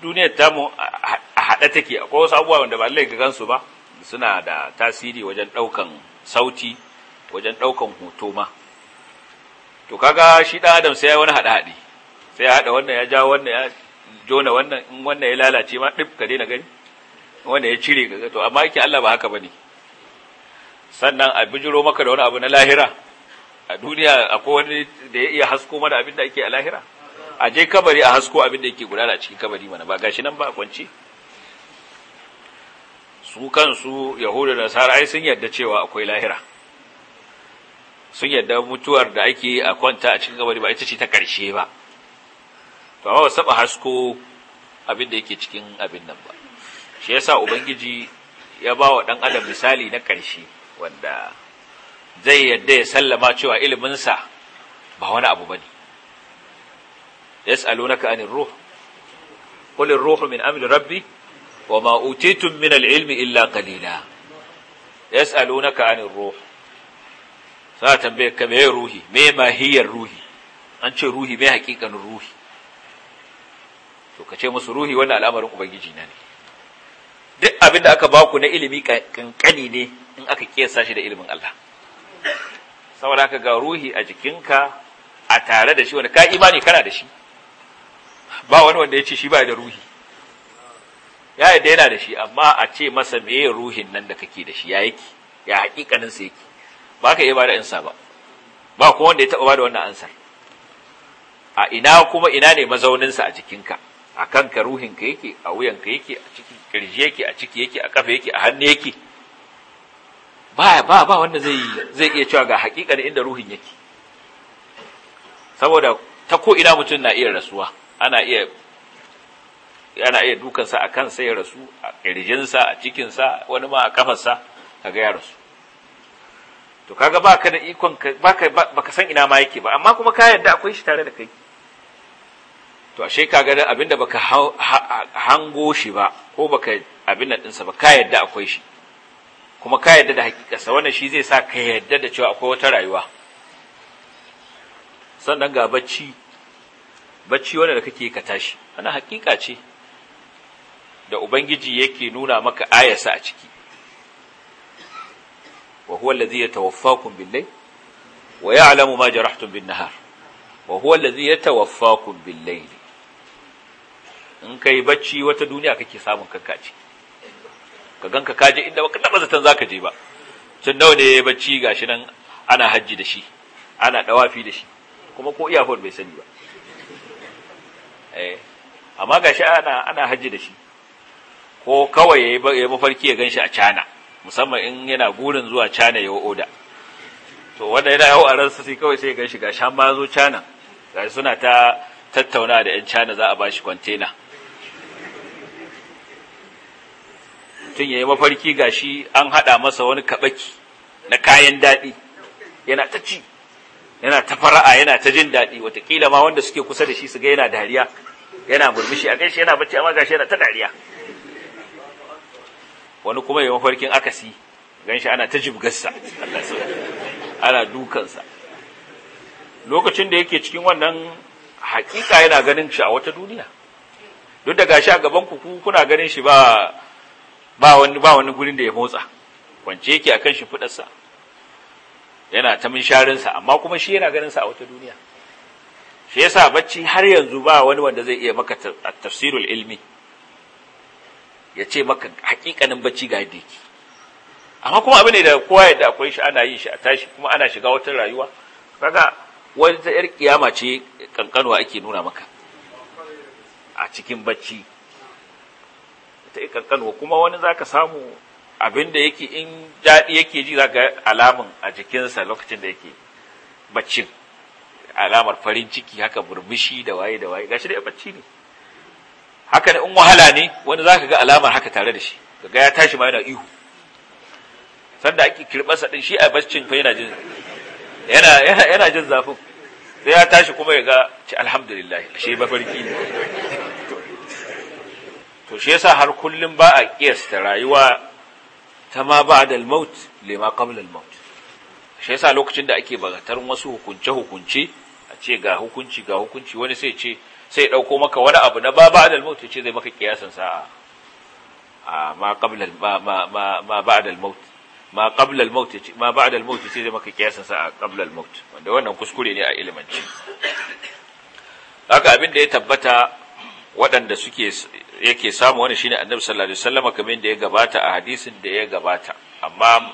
duniyar tamu a haɗa take akwai wasu abubuwa wanda ba lai ga gansu ba suna da tasiri wajen ɗaukan sauti wajen ɗaukan hoto ma to kaga shi dan adam sai ya wani hada hadi sai ya hada wannan ya ja wannan ya jona wannan in wannan ya lalace ma dip ka daina gani wanda ya cire ka to amma yake Allah ba haka bane sannan a bijiro maka da wani abu na lahira a duniya akwai wani da ya iya hasko mana abin da ake a lahira a je kabari a hasko abin da yake gudana cikin kabari mana ba gashi nan ba kwance su kansu yahudu da sarai sun yarda cewa akwai lahira sun yadda mutuwar da ake a kwanta a cikin gabari ba ita ce ta ƙarshe ba to amma ba saba hasko abin da yake cikin abin nan ba shi yasa ubangiji ya ba wa ɗan adam misali na ƙarshe wanda zai yadda ya sallama cewa sa ba wani abu ba yas'alunaka anir ruh qul ar-ruhu min amri rabbi wa ma utitum min al-ilmi illa qalila yas'alunaka anir ruh za a tambaye ka meye ruhi Me mahiyar ruhi an ce ruhi meye hakikan ruhi to ka ce musu ruhi wannan al'amarin ubangiji na ne duk abin da aka baku na ilimi kankani ne in aka kiyasa shi da ilimin Allah saboda haka ga ruhi a jikinka a tare da shi wanda ka imani kana da shi ba wani wanda ya ce shi ba da ruhi ya yadda yana da shi amma a ce masa meye ruhin nan da kake da shi ya yake ya hakikanin sa yake ba ka iya ba da ansa ba ba kuma wanda ya taɓa ba da wannan ansar a ina kuma ina ne mazauninsa a jikinka a kanka ruhinka yake a wuyanka yake a ciki kirji yake a ciki yake a kafa yake a hannu yake ba ba ba wanda zai zai iya cewa ga hakikar inda ruhin yake saboda ta ko ina mutum na iya rasuwa ana iya ana iya dukansa a kansa ya rasu a kirjinsa a cikinsa wani ma a kafarsa kaga ya rasu to kaga baka da ikon baka ka san ina ma yake ba amma kuma ka yarda akwai shi tare da kai to ashe ka da abinda baka hango shi ba ko baka abin nan dinsa ba ka yarda akwai shi kuma ka yarda da hakikarsa wannan shi zai sa ka yarda da cewa akwai wata rayuwa sannan ga bacci bacci wanda da kake ka tashi wannan hakika ce da ubangiji yake nuna maka ayasa a ciki wa huwa allazi yatawaffakum bil-layl wa ya'lamu ma jarahtum bin-nahar wa huwa allazi yatawaffakum bil-layl in kai bacci wata duniya kake samun kanka ce ka ganka ka je inda baka taba zaton zaka je ba tun nawa ne bacci gashi nan ana hajji da shi ana dawafi da shi kuma ko iya bai sani ba eh amma gashi ana ana hajji da shi ko kawai yayi mafarki ya ganshi a cana musamman in yana gurin zuwa cana ya oda to wanda yana yawo a ransa sai kawai sai ya gashi gashi har ya zo cana shi suna ta tattauna da yan cana za a bashi kwantena mutum ya yi mafarki gashi an haɗa masa wani kaɓaki na kayan daɗi yana ta ci yana ta fara'a yana ta jin daɗi Wataƙila ma wanda suke kusa da shi su ga yana dariya yana murmushi a gaishe yana bacci amma gashi yana ta dariya wani kuma ya mafarkin akasi shi ana ta jibgarsa Allah sai ana dukansa lokacin da yake cikin wannan hakika yana ganin shi a wata duniya duk da gashi a gaban ku kuna ganin shi ba ba wani ba wani gurin da ya motsa kwance yake akan shi fudarsa yana ta minsharinsa amma kuma shi yana ganin sa a wata duniya shi yasa bacci har yanzu ba wani wanda zai iya maka tafsirul ilmi ya ce maka hakikanin bacci ga yadda yake amma kuma abu da kowa yadda akwai shi ana yin shi a tashi kuma ana shiga wata rayuwa kaga ta yar kiyama ce kankanuwa ake nuna maka a cikin bacci ta kankanuwa kuma wani za ka samu abin da yake in daɗi yake ji zaka alamun a jikinsa lokacin da yake baccin alamar farin ciki haka burbushi da waye da waye gashi da bacci ne haka da in wahala ne wani zaka ga alamar haka tare da shi kaga ya tashi ma yana ihu sanda ake kirbarsa din shi a baccin fa yana jin yana yana yana jin zafin sai ya tashi kuma ya ga ci alhamdulillah ashe mafarki ne to shi yasa har kullum ba a kiyasta rayuwa ta ma ba'da al-maut lima qabla al-maut shi yasa lokacin da ake bagatar wasu hukunce hukunce a ce ga hukunci ga hukunci wani sai ce sai ya ɗauko maka wani abu na ba ba da almaut ce zai maka kiyasan sa ma ba'adal mauti ma ma ba'da ma ce zai maka kiyasan sa a qabla wanda wannan kuskure ne a ilimanci haka abin da ya tabbata waɗanda suke yake samu wani shine annabi sallallahu alaihi wasallam kamar da ya gabata a hadisin da ya gabata amma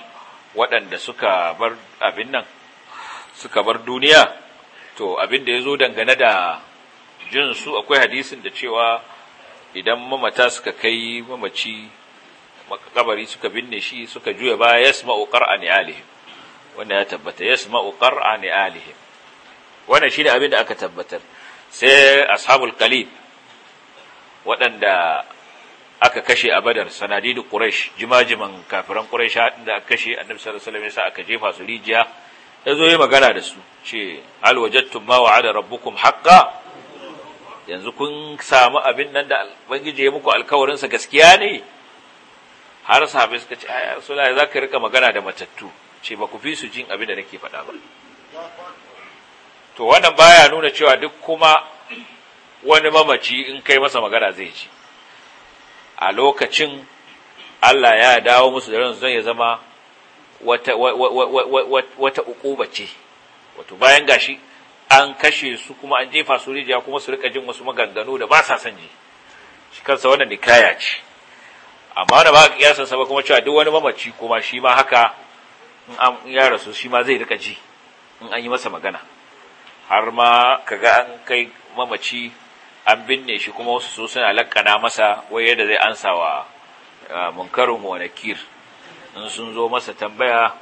waɗanda suka bar abin nan suka bar duniya to abin da ya zo dangane da jin su akwai hadisin da cewa idan mamata suka kai mamaci makabari suka binne shi suka juya ba yasma'u qar'a ni'alihim wannan ya tabbata yasma'u qar'a ni'alihim wannan ne abin da aka tabbatar sai ashabul kalib waɗanda aka kashe a badar sanadidu quraish jimajiman kafiran quraish da aka kashe annabi sallallahu alaihi wasallam aka jefa su rijiya zo yi magana da su ce hal ma wa'ada rabbukum haqqan yanzu kun samu abin nan da ubangiji ya muku alkawarinsa gaskiya ne har sahabai suka ce ai rasulullahi za ka rika magana da matattu ce ba ku fi su jin abin da nake faɗa ba to wannan baya nuna cewa duk kuma wani mamaci in kai masa magana zai ji a lokacin Allah ya dawo musu da ransu zan ya zama wata wata ce wato bayan gashi an kashe su kuma an jefa su rijiya kuma su rika jin wasu maganganu da ba sa son shi kansa wannan nikaya ce amma wanda ba ka kiyasa sa ba kuma cewa duk wani mamaci kuma shi ma haka in an ya rasu shi ma zai rika ji in an yi masa magana har ma kaga an kai mamaci an binne shi kuma wasu su suna lakkana masa wai da zai ansa wa eh, munkarin wa nakir in sun zo masa tambaya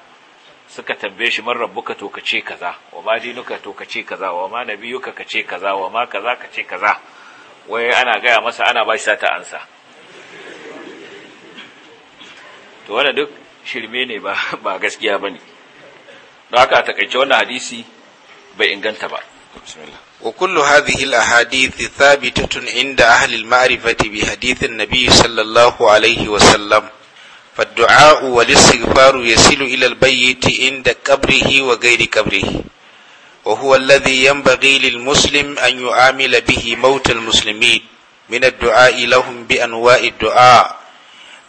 suka tambaye shi man rabbuka to kace kaza wa ma dinuka to kace kaza wa ma nabiyuka kace kaza wa ma kaza kace kaza wai ana gaya masa ana ba shi sata ansa to wanda duk shirme ne ba ba gaskiya bane don haka a takaice wannan hadisi bai inganta ba وكل هذه الأحاديث ثابتة عند أهل المعرفة بحديث النبي صلى الله عليه وسلم فالدعاء والاستغفار يصل إلى البيت عند قبره وغير قبره وهو الذي ينبغي للمسلم أن يعامل به موت المسلمين من الدعاء لهم بأنواع الدعاء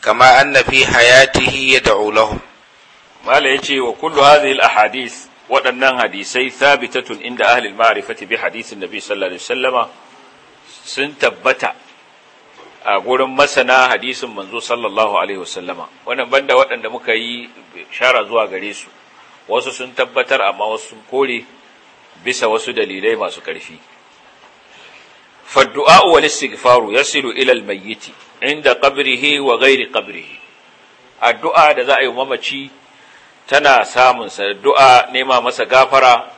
كما أن في حياته يدعو لهم ما ليتي وكل هذه الأحاديث waɗannan hadisai thabitatun inda ahlil ma'rifati bi hadisin nabi sallallahu alaihi wasallama sun tabbata a gurin masana hadisin manzo sallallahu alaihi wasallama wannan banda waɗanda muka yi shara zuwa gare su wasu sun tabbatar amma wasu sun kore bisa wasu dalilai masu ƙarfi فالدعاء والاستغفار يصل إلى الميت عند قبره وغير قبره الدعاء da za a yi mamaci tana samun sa du'a nema masa gafara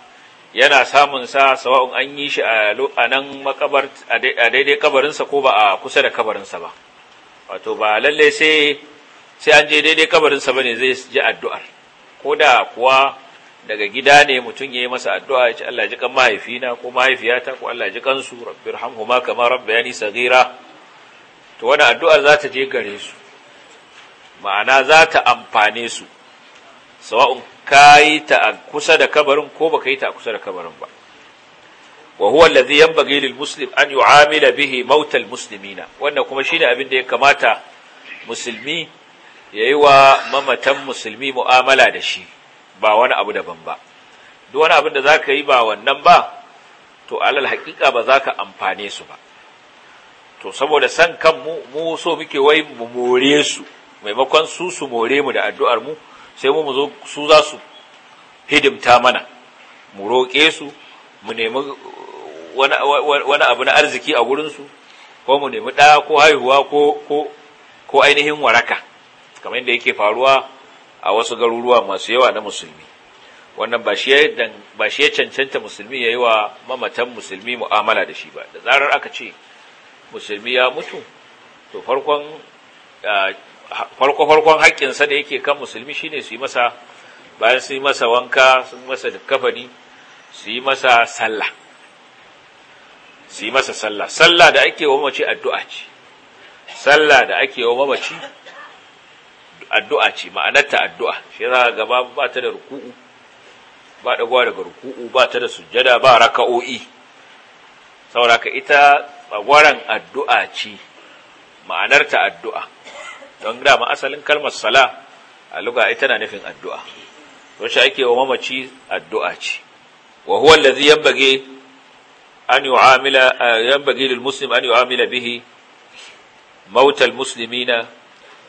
yana samun sa sawa'un an yi shi a nan makabar a daidai kabarinsa ko ba a kusa da kabarinsa ba wato ba lalle sai sai an je daidai kabarinsa ne zai ji addu'ar ko da kuwa daga gida ne mutum ya yi masa addu'a ya ci Allah ji kan mahaifina ko mahaifiyata ko Allah ji kansu rabbi rahamhuma kamar rabbayani sagira to wannan addu'ar za ta je gare su ma'ana za ta amfane su sawa'un ka yi ta a kusa da kabarin ko baka yi ta a kusa da kabarin ba wa huwa allazi yanbaghi lil muslim an yu'amila bihi mautal muslimina wannan kuma shine abin da ya kamata musulmi yayi wa mamatan musulmi mu'amala da shi ba wani abu daban ba duk wani abin da zaka yi ba wannan ba to alal haqiqa ba zaka amfane su ba to saboda san kanmu mu so muke wai mu more su maimakon su su more mu da addu'ar mu sai mu zo su za su hidimta mana mu roƙe su mu nemi uh, wani abu na arziki a gurinsu ko mu nemi ɗa ko haihuwa ko ainihin waraka kamar yadda yake faruwa a wasu garuruwa masu yawa na musulmi wannan ba shi ya cancanta musulmi ya yi wa mamatan musulmi mu'amala da shi ba da zarar aka ce musulmi ya mutu to farkon uh, farko farkon haƙƙinsa da yake kan musulmi shine su yi masa bayan su yi masa wanka su yi masa kafani su yi masa sallah su yi masa sallah sallah da ake wa mace addu'a ce sallah da ake wa mamaci addu'a ce ma'anarta addu'a shi za gaba ba ta da ruku'u ba gwa daga ruku'u ba ta da sujjada ba raka'o'i saboda ka ita gwaran addu'a ce ma'anarta addu'a don dama asalin kalmar sala a luga ita na nufin addu'a wacce ake wa mamaci addu'a ce wa huwa allazi yambage an eh, yambage lil muslim an yu'amila bihi mautal na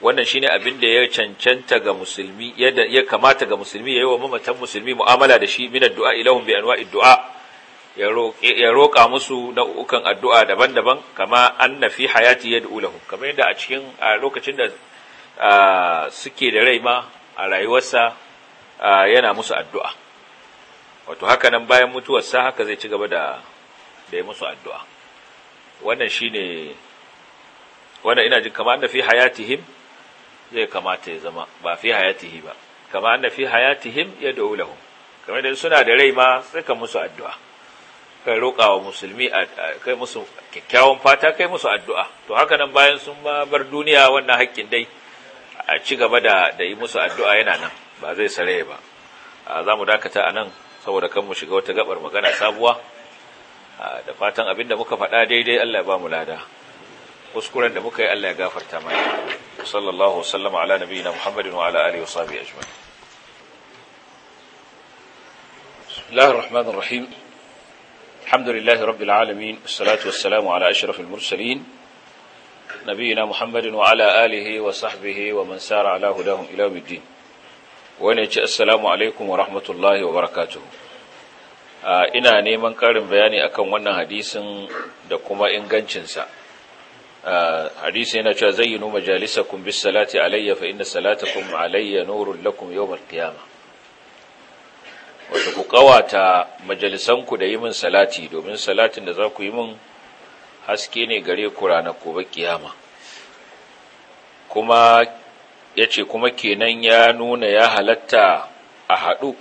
wannan shine abin da ya cancanta ga musulmi ya kamata ga musulmi yi wa mamatan musulmi mu'amala da shi min addu'a ilahun bi anwa'i du'a ya roƙa musu nau'ukan addu'a daban-daban kama an na fi hayati ya lahum kamar yadda a cikin a lokacin da suke da rai ma a rayuwarsa yana musu addu'a wato haka nan bayan mutuwarsa haka zai ci gaba da ya musu addu'a wannan shi ne, wannan ina jin kama an na fi hayatihim zai kamata ya zama ba fi hayatihi ba kama an na fi hayatihim yad'u ulahu kamar yadda suna da rai ma sai ka musu addu'a ka roƙa wa musulmi kai musu kyakkyawan fata kai musu addu'a to haka nan bayan sun ma bar duniya wannan haƙƙin dai a ci gaba da da yi musu addu'a yana nan ba zai sare ba za mu dakata a nan saboda kan mu shiga wata gabar magana sabuwa da fatan abinda muka faɗa daidai Allah ya ba mu lada kuskuren da muka yi Allah ya gafarta mana sallallahu wasallama ala nabiyina muhammadin wa ala alihi wa sahbihi ajma'in بسم الله الرحمن الرحيم الحمد لله رب العالمين والصلاة والسلام على أشرف المرسلين نبينا محمد وعلى آله وصحبه ومن سار على هداهم إلى الدين ونجي السلام عليكم ورحمة الله وبركاته ina neman ƙarin bayani akan wannan hadisin da kuma ingancinsa hadisi yana cewa zayyinu kun bi salati alayya fa inna salatakum alayya nurul lakum yawm wata ku kawata majalisanku da yi min salati domin salatin da za ku yi min haske ne gare ku ranar gobe kiyama kuma ya ce kuma kenan ya nuna ya halatta a haɗu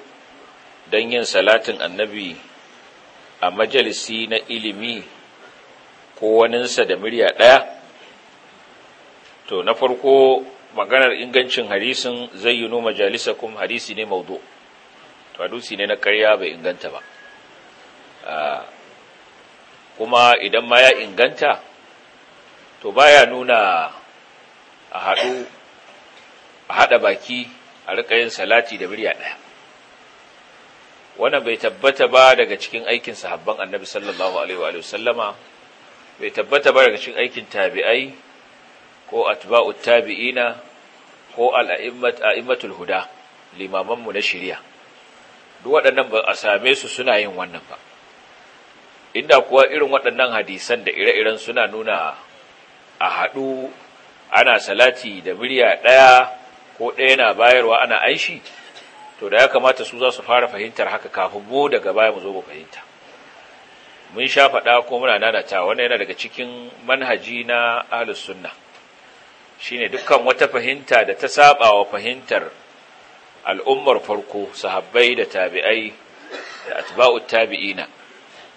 don yin salatin annabi a majalisi na ilimi ko waninsa da murya ɗaya to na farko maganar ingancin hadisin zai majalisa majalisakum hadisi ne maudu' to ne na karya bai inganta ba ah, kuma idan ma ya inganta to baya nuna a haɗu a haɗa baki a rikayin salati da murya ɗaya wannan bai tabbata ba daga cikin aikin sahabban annabi sallallahu alaihi wa sallama bai tabbata ba daga cikin aikin tabi'ai ko atba'ut tabi'ina ko al'a'immatul huda limamanmu na shari'a duk waɗannan ba a same su suna yin wannan ba inda kuwa irin waɗannan hadisan da ire-iren suna nuna a haɗu ana salati da murya ɗaya ko ɗaya na bayarwa ana aishi to da ya kamata su za su fara fahimtar haka kafin mu daga baya mu zo mu fahimta mun sha faɗa ko muna nanata wannan yana daga cikin manhaji na ahlus sunna shine dukkan wata fahimta da ta saba wa fahimtar al'ummar farko sahabbai da tabi'ai da atba'ut tabi'ina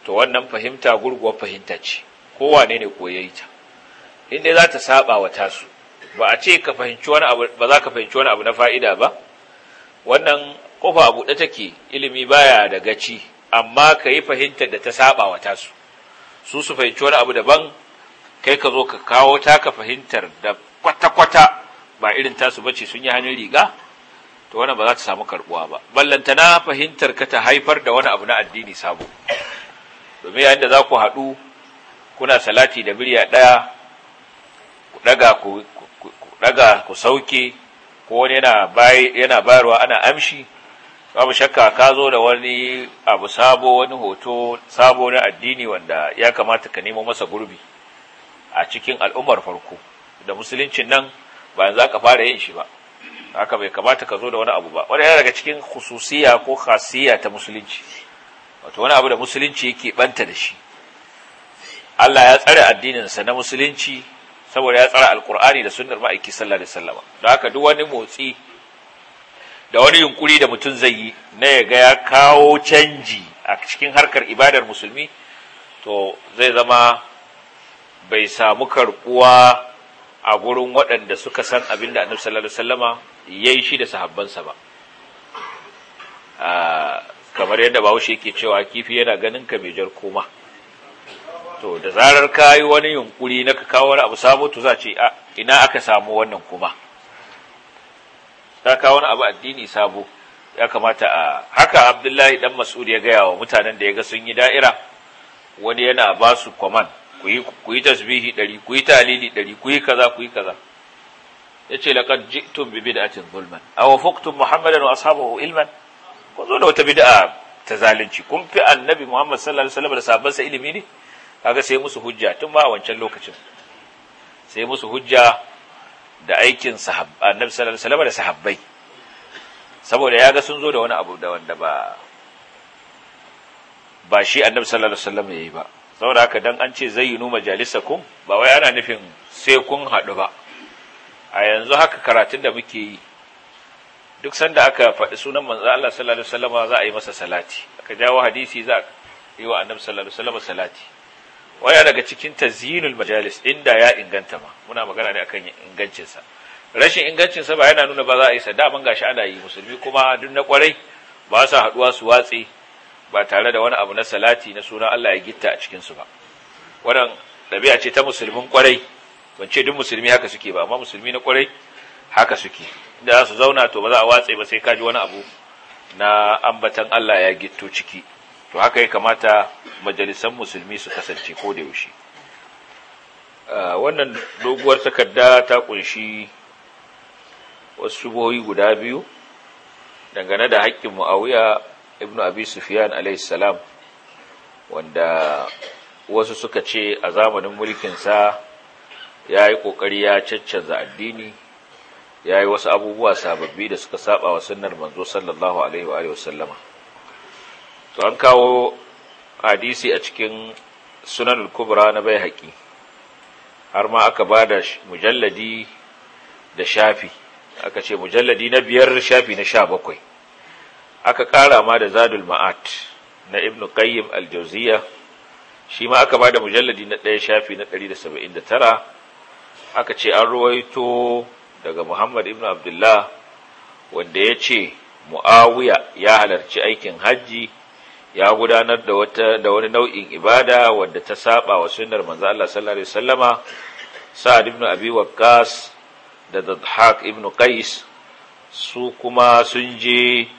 to wannan fahimta gurguwar fahimta ce Kowa ne koyayi ta inda za ta saba wa tasu ba a ce ka fahimci wani abu ba za ka fahimci wani abu na fa'ida ba wannan kofa abu da take ilimi baya da gaci amma ka yi fahimtar da ta saba wa tasu su su fahimci wani abu daban kai ka zo ka kawo ta ka fahimtar da kwata-kwata ba irin tasu bace sun yi hannun riga to wannan ba za ta samu karbuwa ba ballanta na fahimtar ka ta haifar da wani abu na addini sabo domin yayin da za ku haɗu kuna salati da birya ɗaya ku ɗaga ku ɗaga sauke ko wani yana bayarwa ana amshi babu shakka ka zo da wani abu sabo wani hoto sabo na addini wanda ya kamata ka nemo masa gurbi a cikin al'ummar farko da musuluncin nan ba yanzu ka fara yin shi ba haka bai kamata ka zo da wani abu ba wani yana daga cikin khususiya ko khasiyya ta musulunci wato wani abu da musulunci yake banta da shi Allah ya tsare addininsa na musulunci saboda ya tsare alkur'ani da sunnar ma'aiki sallallahu alaihi wasallam don haka duk wani motsi da wani yunkuri da mutum zai yi na ya ga ya kawo canji a cikin harkar ibadar musulmi to zai zama bai samu karbuwa a gurin waɗanda suka san abin da annabi sallallahu alaihi wasallama yayi shi da sahabbansa ba ah, kamar yadda bahaushe yake cewa kifi yana ganin ka mai jar koma to da zarar ka yi wani yunkuri na ka kawo wani abu sabo to za ce ina aka samu wannan kuma ta kawo wani abu addini sabo ya kamata a haka abdullahi dan mas'ud ya gaya wa mutanen da ya ga sun yi da'ira wani yana ba su kwaman ku yi tasbihi ɗari ku yi talili ɗari ku yi kaza ku yi kaza yace laqad ji'tum bi bid'atin zulman aw fuqtum muhammadan wa ashabahu ilman kun zo da wata bid'a ta zalunci kun fi annabi muhammad sallallahu alaihi wasallam da sahabban sa ilimi ne kaga sai musu hujja tun ba a wancan lokacin sai musu hujja da aikin sahabba annabi sallallahu alaihi wasallam da sahabbai saboda ya ga sun zo da wani abu da wanda ba ba shi annabi sallallahu alaihi wasallam yayi ba saboda haka dan an ce zayyinu majalisakum ba wai ana nufin sai kun hadu ba a yanzu haka karatun da muke yi duk sanda aka faɗi sunan manzo Allah sallallahu alaihi wasallam za a yi masa salati aka jawo hadisi za a yi wa annabi sallallahu alaihi wasallam salati waya daga cikin tazyinul majalis inda ya inganta ma muna magana ne akan ingancin sa rashin ingancin sa ba yana nuna ba za a yi sa daman gashi ana yi musulmi kuma duk na kwarai ba sa haduwa su watsi ba tare da wani abu na salati na sunan Allah ya gitta a cikin su ba wannan dabi'a ce ta musulmin kwarai ban ce duk musulmi haka suke ba amma musulmi na kwarai haka suke inda za su zauna to ba za a watse ba sai kaji wani abu na ambatan Allah ya gitto ciki to haka ya kamata majalisan musulmi su kasance ko da yaushe wannan doguwar takarda ta kunshi wasu shubohi guda biyu dangane da haƙƙin muawiya ibnu abi sufyan alayhi salam wanda wasu suka ce a zamanin mulkinsa ya yi ƙoƙari ya caccanza addini ya yi wasu abubuwa sababbi da suka saba wa sunnar manzo sallallahu alaihi wa wasallama. to an kawo hadisi a cikin sunan al kubra na bai haƙi har ma aka ba da mujalladi da shafi aka ce mujalladi na biyar shafi na sha bakwai aka ƙara ma da zadul ma'at na ibn qayyim al-jawziya shi ma aka ba da mujalladi na ɗaya shafi na ɗari da saba'in da tara aka ce an ruwaito daga Muhammad ibn Abdullah wanda ya ce Mu'awiya ya halarci aikin hajji ya gudanar da wata da wani nau'in ibada wanda ta saba wa sunnar manzo Allah sallallahu alaihi wasallama Sa'ad ibn Abi Waqqas da Dhahak ibn Qais su kuma sun je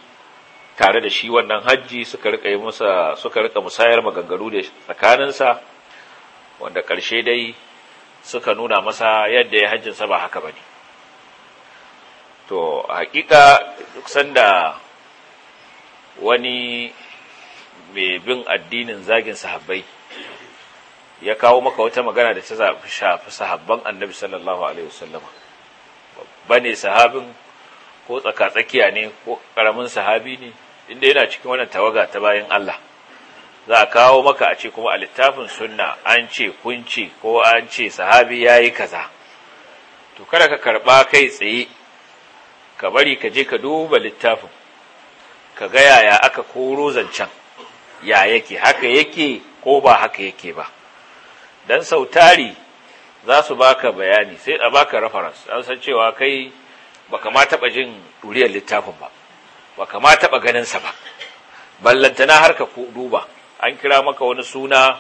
tare da shi wannan hajji suka rika masa suka rika musayar maganganu da tsakaninsa wanda ƙarshe dai suka nuna masa yadda ya hajjinsa ba haka ba ne. to hakika duk sanda wani mai bin addinin zagin sahabbai ya kawo maka wata magana da ta shafi sahabban annabi sallallahu alaihi wasallama ba ne sahabin ko tsakatsakiya ne ko karamin sahabi ne inda yana cikin wannan tawaga ta bayan Allah za a kawo maka a ce kuma a littafin sunna an ce kunci ko an ce sahabi ya yi kaza to kada ka karɓa kai tsaye ka bari ka je ka duba littafin ka ga yaya aka koro zancen ya yake haka yake ko ba haka yake ba don sautari za su baka bayani sai a baka reference an san cewa kai baka ma taɓa jin ɗuriyar littafin ba baka ma taɓa ganinsa ba ballantana har ka duba an kira maka wani suna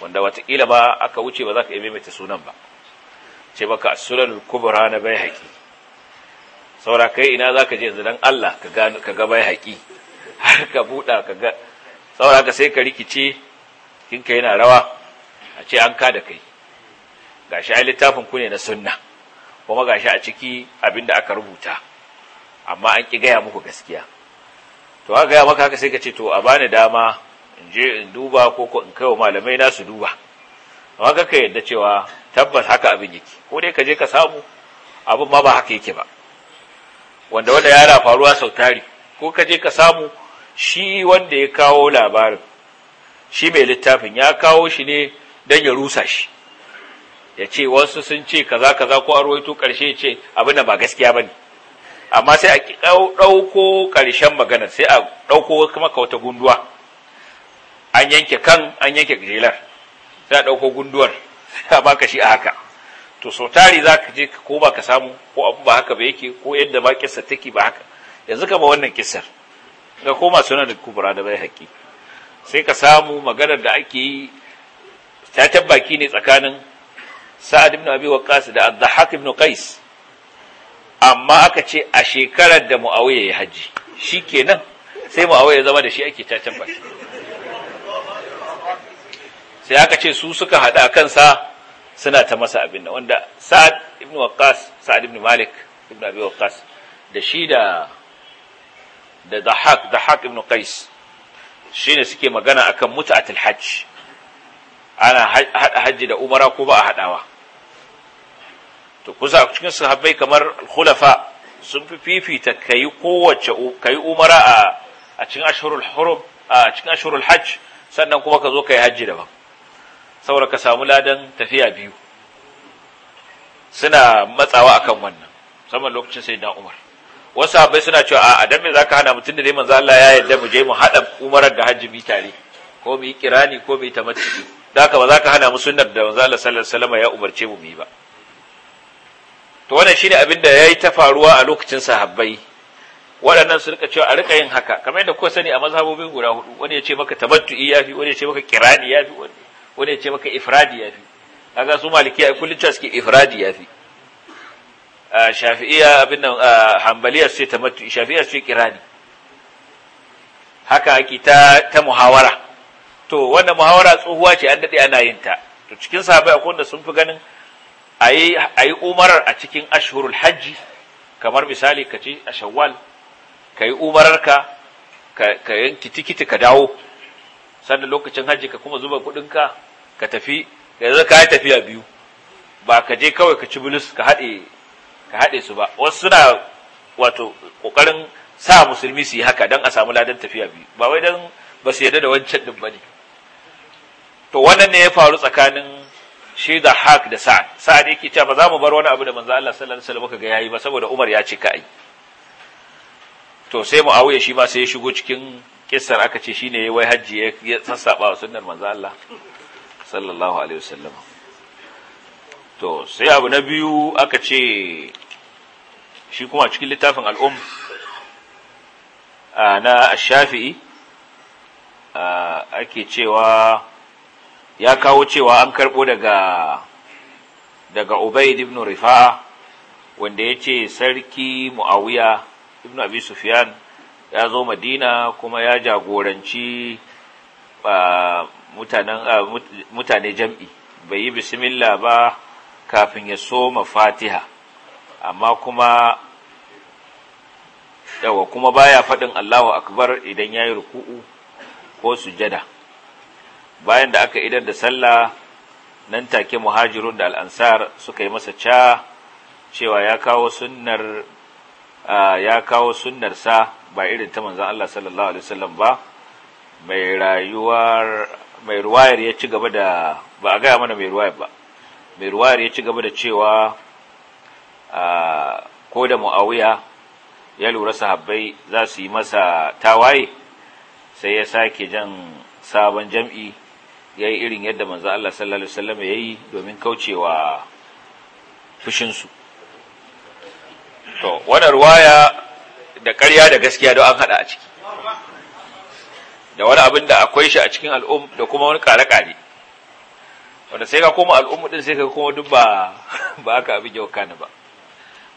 wanda watakila ba aka wuce ba za ka iya maimaita sunan ba ce maka sunan kubra na bai haƙi saura kai ina za ka je yanzu Dan Allah ka ga bai haƙi har ka buɗa ka ga saura ka sai ka rikice Kin kai yana rawa a ce an ka da kai gashi ai littafin ku ne na sunna kuma gashi a ciki abinda aka rubuta amma an ki gaya muku gaskiya to aka gaya maka haka sai ka ce to a bani dama je in duba ko ko in kaiwa malamai na su duba amma ka yadda cewa tabbas haka abin yake ko dai ka je ka samu abin ma ba haka yake ba wanda wanda yana faruwa sau tari ko ka je ka samu shi wanda ya kawo labarin shi mai littafin ya kawo shi ne don ya rusa shi ya ce wasu sun ce kaza kaza ko a karshe ƙarshe ce abin da ba gaskiya ba ne amma sai a ɗauko ƙarshen magana sai a ɗauko kuma ka wata gunduwa an yanke kan an yanke gajelar za a ɗauko gunduwar sai a baka shi a haka to sau tari za ka je ko ba ka samu ko abu ba haka ba yake ko yadda ba kissa take ba haka yanzu ka ba wannan kisar ga koma suna da kubura da bai haƙi sai ka samu maganar da ake yi ta tabbaki ne tsakanin sa'ad ibn abi waqqas da ad-dhahhak ibn qais amma aka ce a shekarar da muawiya ya haji shikenan sai muawiya ya zama da shi ake ta tabbaki sai aka ce su suka haɗa kansa suna ta masa abin da wanda sa'ad ibn waqqas sa'ad ibn malik ibn abi waqqas da shi da da dahak dahak ibn qais shine suke magana akan mut'atul hajj ana hada hajji da umara ko ba a hadawa to kusa cikin sahabbai kamar khulafa sun fi fifita kai kowace kai umara a cikin ashhurul hurum a cikin hajj sannan kuma ka zo kai hajji daban saboda ka samu ladan tafiya biyu suna matsawa akan wannan musamman lokacin sai na umar wasu abai suna cewa a dan me zaka hana mutum da dai manzo Allah ya yarda mu je mu hada umar da hajji bi tare ko mu yi kirani ko mu yi tamatti da ka ba zaka hana mu sunnar da manzo Allah sallallahu alaihi wasallam ya umarce mu yi ba to wannan shine abin da yayi ta faruwa a lokacin sahabbai waɗannan su rika cewa a rika yin haka kamar yadda kuka sani a mazhabobin guda hudu wani ya ce maka tamattu yafi wani ya ce maka kirani yafi wani wani ya ce maka ifradi ya fi kaga su maliki a kullum suke ifradi ya fi shafi'iya abin nan hanbaliya su ce tamattu shafi'iya su ce kirani haka ake ta ta muhawara to wannan muhawara tsohuwa ce an dade ana yin ta to cikin sahabbai akwai wanda sun fi ganin ayi ayi umarar a cikin ashhurul hajji kamar misali ka ce a shawwal ka yi umararka ka yanki tikiti ka dawo sannan lokacin hajji ka kuma zuba ka ka tafi yanzu ka yi tafiya biyu ba ka je kawai ka ci bulus ka haɗe su ba wasu suna wato ƙoƙarin sa musulmi su yi haka don a samu ladan tafiya biyu ba wai don ba su yarda da wancan ɗin ba ne to wannan ne ya faru tsakanin shi da hak da sa'ad sa'ad yake cewa ba za mu bar wani abu da manzo Allah sallallahu alaihi wasallam kaga yayi ba saboda Umar ya ce kai to sai Muawiya shi ma sai ya shigo cikin kissar aka ce shine yayi wai hajji ya sassaba wa sunnar manzo Allah sallallahu alaihi wasallam to sai abu na biyu aka ce shi kuma cikin littafin al'um na shafi'i ake cewa ya kawo cewa an karɓo daga daga ubaid ibn rifa'a wanda ya ce sarki mu'awiya ibn abi sufyan ya zo madina kuma ya jagoranci Ah, mutane jam'i bai yi bismillah ba kafin ya soma fatiha amma kuma yawa kuma baya faɗin Allahu akbar idan ya yi ruku'u ko sujada bayan da aka idar da sallah nan take muhajirun da al'ansar suka yi masa ca cewa ya kawo sunnar ah, ya kawo sunnarsa ba irin ta manzan Allah sallallahu Alaihi wasallam ba mai rayuwar mai ruwayar ya ci gaba da ba a gaya mana mai ruwayar ba mai ruwayar ya ci gaba da cewa ko da mu'awiya ya lura sahabbai za su yi masa tawaye sai ya sake jan sabon jam'i ya yi irin yadda manzo Allah sallallahu Alaihi wasallam ya yi domin kaucewa fushinsu. To, wannan ruwaya da ƙarya da gaskiya don an haɗa a ciki. da wani abin da akwai shi a cikin al'um da kuma wani kare-kare wanda sai ka koma al'ummu din sai ka kuma duk ba ba aka abin yau kana ba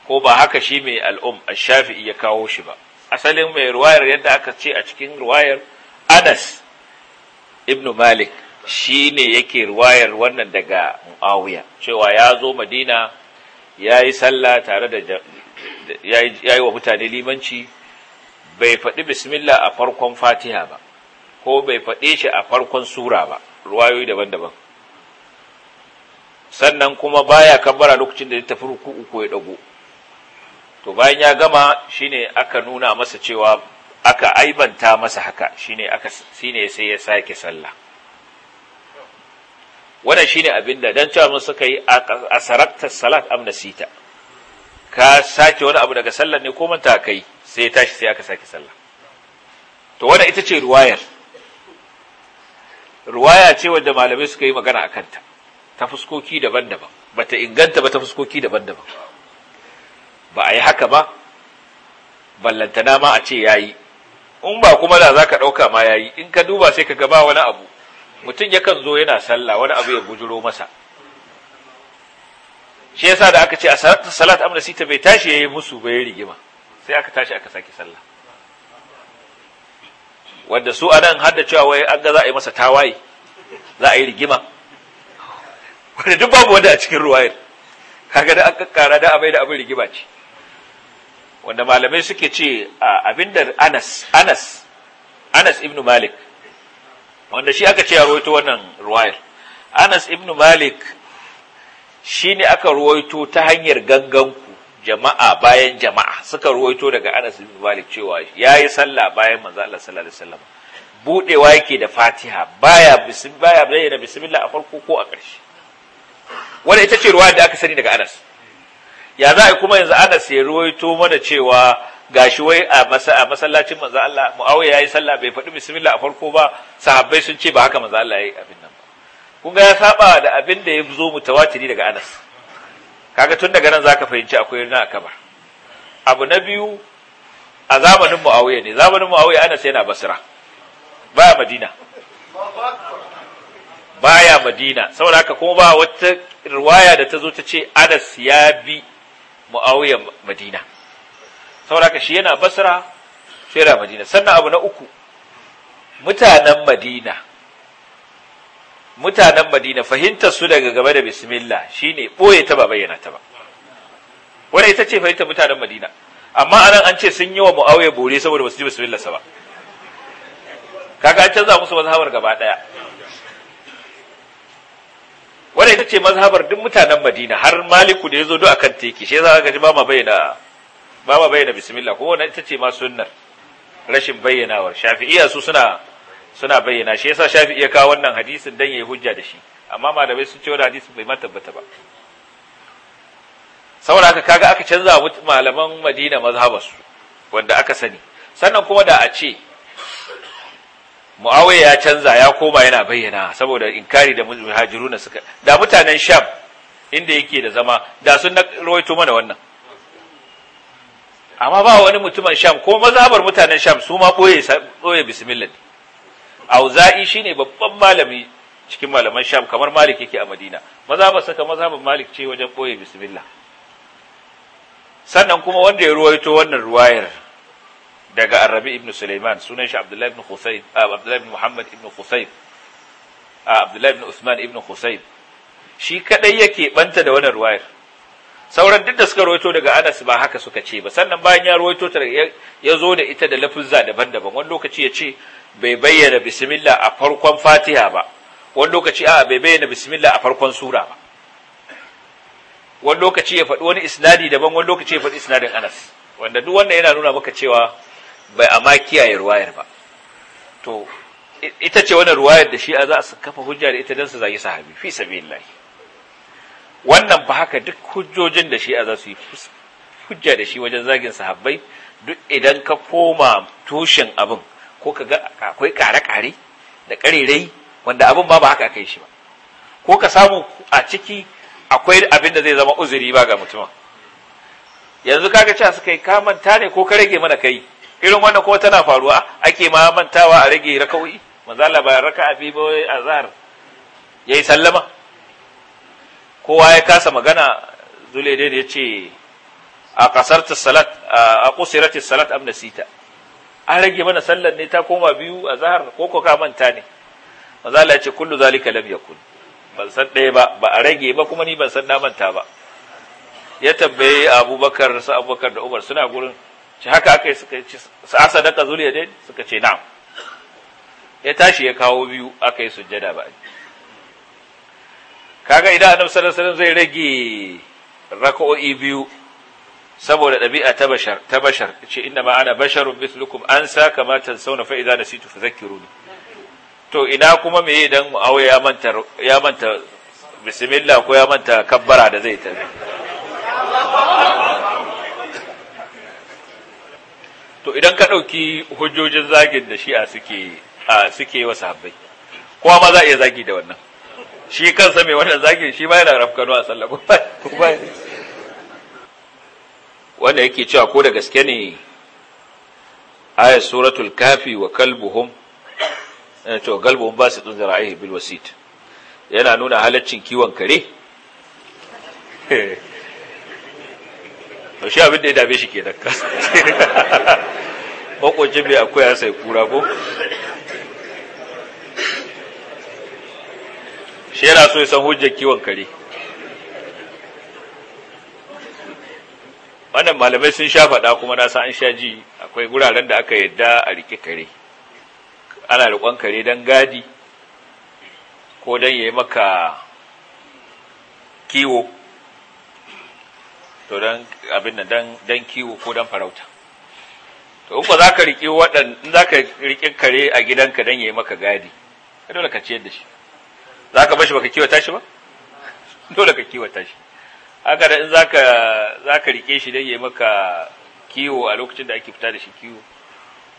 ko ba haka shi mai al'um a shafi ya kawo shi ba asalin mai ruwayar yadda aka ce a cikin ruwayar Anas ibn Malik shi ne yake ruwayar wannan daga Muawiya cewa ya zo Madina yi sallah tare da ya yi wa mutane limanci bai faɗi bismillah a farkon Fatiha ba ko bai faɗe shi a farkon sura ba ruwayoyi daban-daban sannan kuma baya kabbara lokacin da ya tafi ruku uku ya dago to bayan ya gama shine aka nuna masa cewa aka aibanta masa haka shine aka shine sai ya sake sallah wannan shine abinda dan cewa mun suka yi a salat am nasita ka sake wani abu daga sallar ne ko manta kai sai ya tashi sai aka sake sallah to wannan ita ce ruwayar ruwaya ce wadda malamai suka yi magana a kanta ta fuskoki daban-daban Ba ta inganta ba ta fuskoki daban-daban ba a yi haka ba ballantana ma a ce yayi in ba kuma da ka ɗauka ma ya yi. in ka duba sai ka gaba wani abu mutum yakan zo yana sallah wani abu ya bujuro masa shi yasa da aka ce a salat amna sita bai tashi ya yi musu ba ya rigima sai aka tashi aka sake sallah wanda su anan nan da cewa wai an ga za a yi masa tawaye za a yi rigima wanda duk babu wanda a cikin ruwayar kaga da an kakkara da abai da abin rigima ce wanda malamai suke ce a abinda Anas Anas Anas ibn Malik wanda shi aka ce ya ruwaito wannan ruwayar Anas ibn Malik shi ne aka ruwaito ta hanyar gangan jama'a bayan jama'a suka ruwaito daga Anas bin Malik cewa yayi sallah bayan manzo Allah sallallahu alaihi wasallam budewa yake da Fatiha baya bismi baya da bismillah a farko ko a ƙarshe wanda ita ce ruwaya da aka sani daga Anas ya za a kuma yanzu Anas ya ruwaito mana cewa gashi wai a masallacin manzo Allah Muawiya yayi sallah bai faɗi bismillah a farko ba sahabbai sun ce ba haka manzo Allah yayi abin nan ba kun ga ya saba da abin da ya zo mutawatiri daga Anas kaga tun daga nan zaka fahimci akwai rina a kabar abu na biyu a zamanin muawiya ne zamanin muawiya anas yana basra baya madina baya madina saboda haka kuma ba wata riwaya da ta zo ta ce anas ya bi muawiya madina saboda haka shi yana basra shi yana madina sannan abu na uku mutanen madina mutanen madina fahimtar su daga game da bismillah shine boye ta ba bayyana ta ba wanda ita ce fahimtar mutanen madina amma anan an ce sun yi wa mu'awiyar bore saboda basu ji bismillah sa ba kaga an canza musu mazhabar gaba daya wanda ita ce mazhabar duk mutanen madina har maliku da ya zo duk akan teki shi ya zaka ji ba ma bayyana ba ma bayyana bismillah ko wannan ita ce ma sunnar rashin bayyanawar shafi'iyya su suna suna bayyana shi yasa shafi iya kawo wannan hadisin dan yayi hujja da shi amma malamai sun ce wannan hadisin bai tabbata ba saboda haka kaga aka canza malaman Madina mazhabarsu wanda aka sani sannan kuma da a ce Muawiya ya canza ya koma yana bayyana saboda inkari da muhajiruna suka da mutanen Sham inda yake da zama da sun rawaito mana wannan amma ba wani mutumin Sham ko mazhabar mutanen Sham su ma boye boye bismillah auza'i shine babban malami cikin malaman sham kamar malik yake a madina ba saka ba, malik ce wajen ɓoye, bismillah sannan kuma wanda ya ruwaito wannan ruwayar daga arabi ibn suleiman sunan shi abdullahi ibn husayn ah, abdullahi ibn muhammad ibn husayn ah, abdullahi ibn usman ibn husayn shi kadai yake banta da wannan ruwayar sauran duk da suka ruwaito daga Anas ba haka suka ce ba sannan bayan ya ruwaito ta ya zo da ita da lafuzza daban-daban wani lokaci ya ce bai bayyana bismillah a farkon fatiha ba wani lokaci a bai bayyana bismillah a farkon sura ba wani lokaci ya faɗi wani isnadi daban wani lokaci ya faɗi isnadin anas wanda duk wannan yana nuna maka cewa bai amma kiyaye ruwayar ba to ita ce wannan ruwayar da shi a za a kafa hujja da ita don su zagi sahabi fi sabilillahi wannan ba haka duk hujjojin da shi a za su yi hujja da shi wajen zagin sahabbai duk idan ka koma tushen abin ko ka ga akwai kare-kare da karerai wanda abin ba ba haka kai shi ba ko ka samu a ciki akwai abin da zai zama uzuri ba ga mutumin yanzu kaga cewa suka yi ka manta ne ko ka rage mana kai irin wannan ko tana faruwa ake ma mantawa a rage raka'o'i manzo Allah bayan raka'a bi wai azhar yayi sallama kowa ya kasa magana zule da ya ce a kasarta salat a kusirati salat Sita. an rage mana sallar ne ta koma biyu a zahar ko ko ka manta ne maza Allah ya ce kullu zalika lam yakun ban san ɗaya ba ba a rage ba kuma ni ban san na manta ba ya tambaye abubakar su abubakar da umar suna gurin ci haka aka yi suka ci sa sadaka zuriya dai suka ce na'am ya tashi ya kawo biyu aka yi sujjada ba kaga idan annabi sallallahu alaihi wasallam zai rage raka'o'i biyu saboda ɗabi'a ta bashar ta bashar ce inda ma ana basharun mislukum an sa kama sauna fa idza nasitu fadhakkiruni to ina kuma me yi dan muawiya ya manta ya manta bismillah ko ya manta kabbara da zai tafi to idan ka ɗauki hujjojin zagin da shi'a suke a suke wa sahabbai kowa ma za a iya zagi da wannan shi kansa mai wannan zagin shi ma yana rafkano a sallah ko ba wanda yake cewa ko da gaske ne ayat suratul kafi wa kalbuhum eh, to galbuhum ba su tun zara'ihi bil wasit yana nuna halaccin kiwon kare to shi abin da ya dabe shi ke kasa? makwacin mai akwai sai kura ko shi yana so ya san hujjar kiwon kare wannan malamai sun sha faɗa kuma na sa an sha ji akwai guraren da aka yadda a rike kare ana riƙon kare don gadi ko don ya yi maka kiwo to don abin da don kiwo ko don farauta to in ko za ka riƙe waɗanda za ka riƙe kare a gidanka don ya yi maka gadi Ka dole ka ciyar da shi za ka bashi baka kiwata shi ba dole ka kiwata shi haka da in zaka zaka rike shi dan yayi maka kiwo a lokacin da ake fita da shi kiwo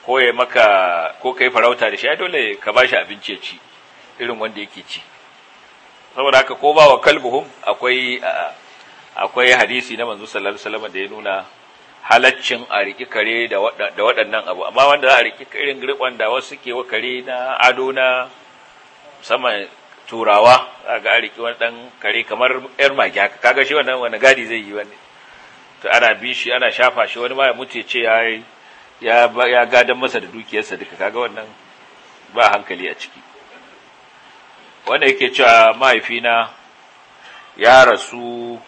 ko yayi maka ko kai farauta da shi ai dole ka ba shi abinci ya ci irin wanda yake ci saboda haka ko ba wa kalbuhum akwai akwai hadisi na manzo sallallahu alaihi da ya nuna halaccin a riki kare da waɗannan abu amma wanda za a riki irin rikon da wasu ke wa kare na ado na musamman turawa ga a wani dan kare kamar yar magi haka kaga shi wannan wani gadi zai yi wani to ana bi shi ana shafa shi wani ma ya mutu ce ya ya gadan masa da dukiyarsa duka kaga wannan ba hankali a ciki wanda yake cewa mahaifina ya rasu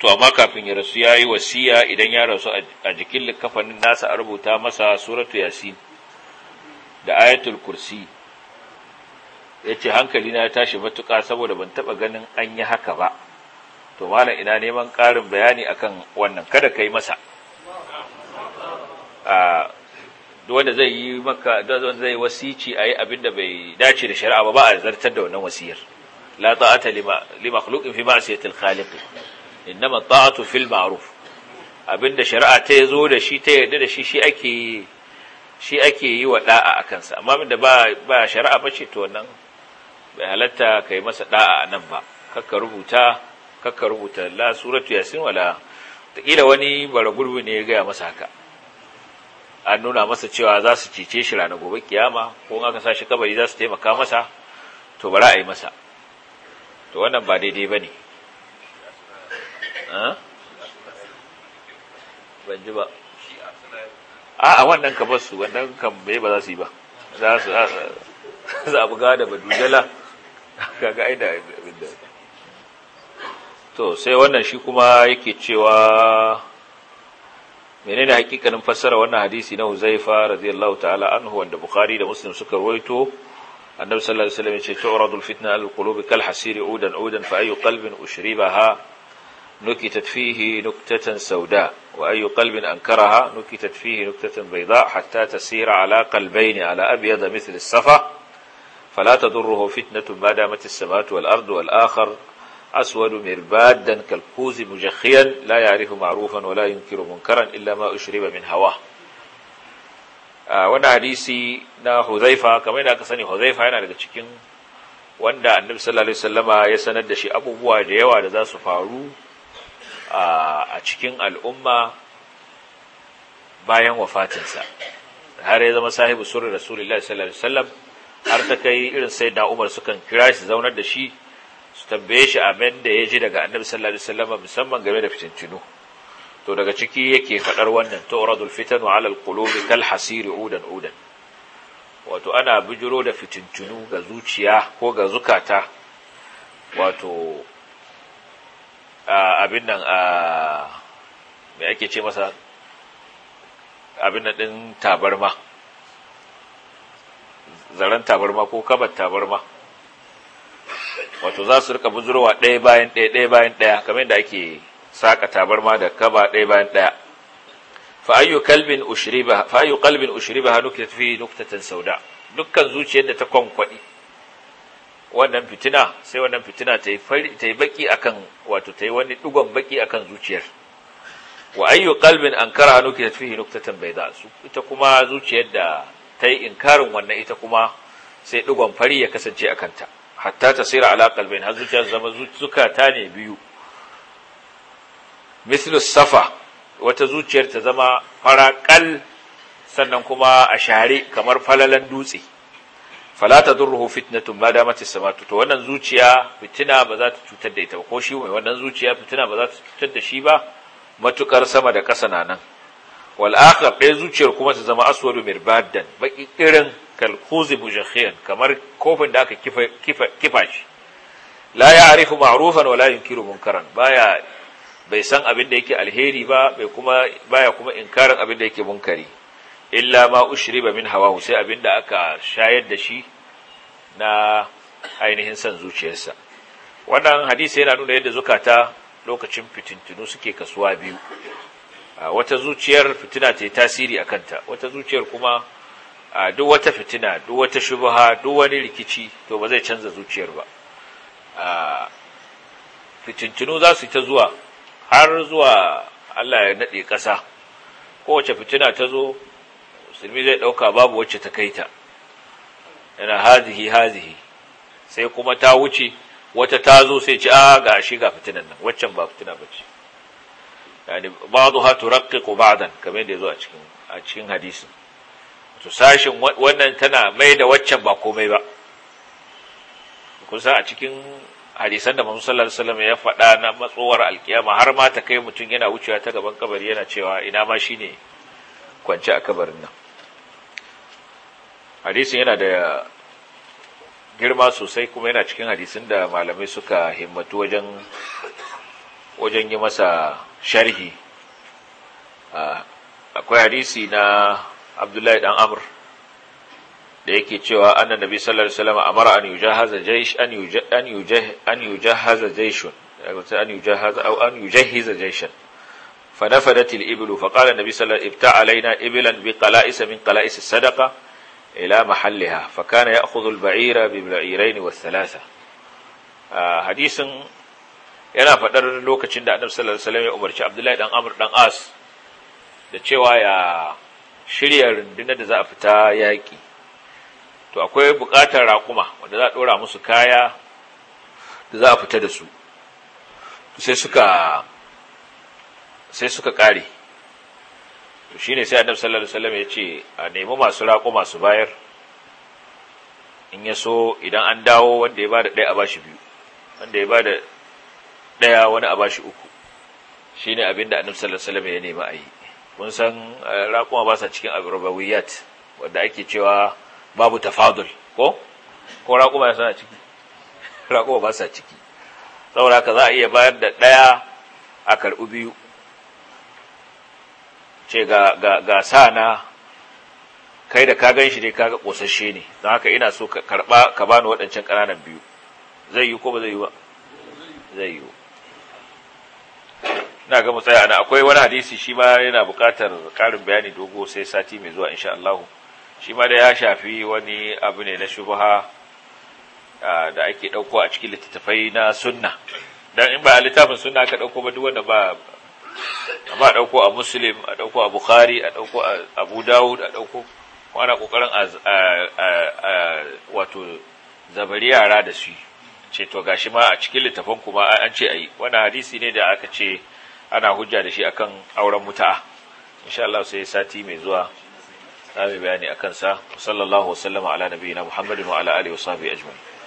to amma kafin ya rasu ya yi wasiya idan ya rasu a jikin likafanin nasa a rubuta masa suratu yasin da ayatul kursi ya ce hankali na ya tashi matuƙa saboda ban taɓa ganin an yi haka ba to malam ina neman ƙarin bayani akan wannan kada ka yi masa wanda zai yi maka wanda zai wasici ayi abin da bai dace da shari'a ba ba a zartar da wannan wasiyar la ta'ata lima li makhluqin fi ma'siyatil khaliq innama ta'atu fil ma'ruf abinda shari'a ta yazo da shi ta yadda da shi shi ake shi ake yi wa da'a akan sa amma abinda ba ba shari'a bace to wannan bai halatta ka yi masa da'a a nan ba kakka rubuta kakka rubuta la suratu yasin wala taƙila wani bara gurbi ne ya gaya masa haka an nuna masa cewa za su cece shi ranar gobe kiyama ko in aka sashi kabari za su taimaka masa to bara a yi masa to wannan ba daidai ba ne a a wannan ka wannan kan bai ba za su yi ba za su za buga da badujala kaga ai da to sai wannan shi kuma yake cewa menene hakikanin fassara wannan hadisi na Huzaifa radiyallahu ta'ala anhu wanda Bukhari da Muslim suka rawaito annabi sallallahu alaihi wasallam ya ce tu'radu al-fitna al kal hasiri udan udan fa ayu qalbin ushribaha nukitat fihi nuktatan sauda wa ayu qalbin ankaraha nukitat fihi nuktatan bayda hatta tasira ala qalbayn ala abyad mithl as-safa فلا تضره فتنة ما دامت السماوات والأرض والآخر أسود مربادا كالكوز مجخيا لا يعرف معروفا ولا ينكر منكرا إلا ما أشرب من هواه wannan hadisi na Huzaifa kamar yadda aka sani Huzaifa yana daga cikin wanda Annabi sallallahu alaihi wasallama ya sanar da shi abubuwa da yawa da za su faru a cikin al'umma bayan wafatinsa har ya zama sahibu surri Rasulullahi sallallahu alaihi wasallam har ta kai irin sai da umar sukan kira shi zaunar da shi su tambaye shi abin da ya ji daga annabi sallallahu alaihi wasallam musamman game da fitintinu to daga ciki yake faɗar wannan turadul fitan wa alal qulubi kal hasir udan udan wato ana bijiro da fitintinu ga zuciya ko ga zukata wato abin nan a me ake ce masa abin nan din tabarma zaren tabarma ko kabar tabarma wato za su rika buzurwa ɗaya bayan ɗaya ɗaya bayan ɗaya kamar yadda ake saka tabarma da kaba ɗaya bayan ɗaya fa ayyu kalbin ushriba fa ayyu qalbin ushriba nuktat fi nuktatan sauda dukkan zuciyar da ta kwankwadi wannan fitina sai wannan fitina ta yi ta yi baki akan wato ta yi wani dugon baki akan zuciyar wa ayyu qalbin ankara nukta fi nuktatan bayda ita kuma zuciyar da ta yi inkarin wannan ita kuma sai ɗigon fari ya kasance a kanta hatta ta tsira ala qalbayn har zuciya zama zukata ne biyu mislu safa wata zuciyar ta zama faraƙal sannan kuma a share kamar falalan dutse fala tadurruhu fitnatun ma da mata samatu to wannan zuciya fitina ba za ta cutar da ita ba ko shi wannan zuciya fitina ba za ta cutar da shi ba matukar sama da ƙasa na nan wal akhar ɗaya zuciyar kuma ta zama aswadu mirbadan baki irin kalkuzi mujahiyan kamar kofin da aka kifa shi la arifu ma'rufan wala la yunkiru munkaran baya bai san abin da yake alheri ba bai kuma baya kuma inkarin abin da yake munkari illa ma ushriba min hawa sai abin da aka shayar da shi na ainihin san zuciyarsa wannan hadisi yana nuna yadda zukata lokacin fitintinu suke kasuwa biyu wata zuciyar fitina ta yi tasiri a kanta wata zuciyar kuma duk wata fitina duk wata shubaha duk wani rikici to ba zai canza zuciyar ba fitintinu za su ta zuwa har zuwa Allah ya naɗe ƙasa kowace fitina ta zo musulmi zai ɗauka babu wacce ta kai ta yana hazihi hazihi sai kuma ta wuce wata ta zo sai ci a ah, ga shi ga fitinan nan waccan ba fitina ba ce yani ha turaqqiqu ba'dan kamar da yazo a cikin a cikin hadisin to sashin wannan tana mai da waccan ba komai ba kusa a cikin hadisan da Muhammad sallallahu alaihi wasallam ya faɗa na matsowar alkiyama har ma ta kai mutum yana wucewa ta gaban kabari yana cewa ina ma shine kwance a kabarin nan hadisin yana da girma sosai kuma yana cikin hadisin da malamai suka himmatu wajen wajen yi masa sharhi akwai hadisi na abdullahi dan amr da yake cewa anna nabi sallallahu alaihi wasallam amara an yujahaza jaysh an an an yujahaza jayshun an yujahaza aw an yujahiza jayshan فنفدت الإبل فقال النبي صلى الله عليه وسلم ابتع علينا إبلا بقلائس من قلائس الصدقة إلى محلها فكان يأخذ البعير ببعيرين والثلاثة حديث yana faɗar lokacin da annabi sallallahu alaihi wasallam ya umarci abdullahi dan amr dan as da cewa ya shirya rundunar da za a fita yaƙi to akwai buƙatar raƙuma wanda za a ɗora musu kaya da za a fita da su sai suka sai suka ƙare to shine sai annabi sallallahu alaihi wasallam ya ce a nemi masu raƙuma su bayar in ya so idan an dawo wanda ya bada ɗaya a bashi biyu wanda ya bada daya wani a bashi uku shine abinda annabi sallallahu alaihi wasallam ya nema a yi kun san eh, raƙuma ba sa cikin rubawiyat wanda ake cewa babu tafadul ko ko raƙuma sana ciki raƙuma ba sa ciki saboda ka za a iya bayar da ɗaya a karɓi biyu ce ga ga ga sana kai da ka gan shi dai kaga ƙosashe ne don haka ina so ka ka bani waɗancan ƙananan biyu zai yi ko ba zai yi ba zai yi na ga tsaya ana akwai wani hadisi shi ma yana bukatar karin bayani dogo sai sati mai zuwa insha Allah shi ma da ya shafi wani abu ne na shubha da ake dauko a cikin littattafai na sunna dan in ba a littafin sunna aka dauko ba duk wanda ba amma a dauko a muslim a dauko a bukhari a dauko a abu daud a dauko ko ana kokarin a wato zabari yara da su ce to gashi ma a cikin littafin kuma an ce ayi wannan hadisi ne da aka ce ana hujja da shi akan auren muta'a insha Allah sai sati mai zuwa za mu bayani akan sa sallallahu wasallama ala nabiyina muhammadin wa ala alihi wa sahbihi ajma'in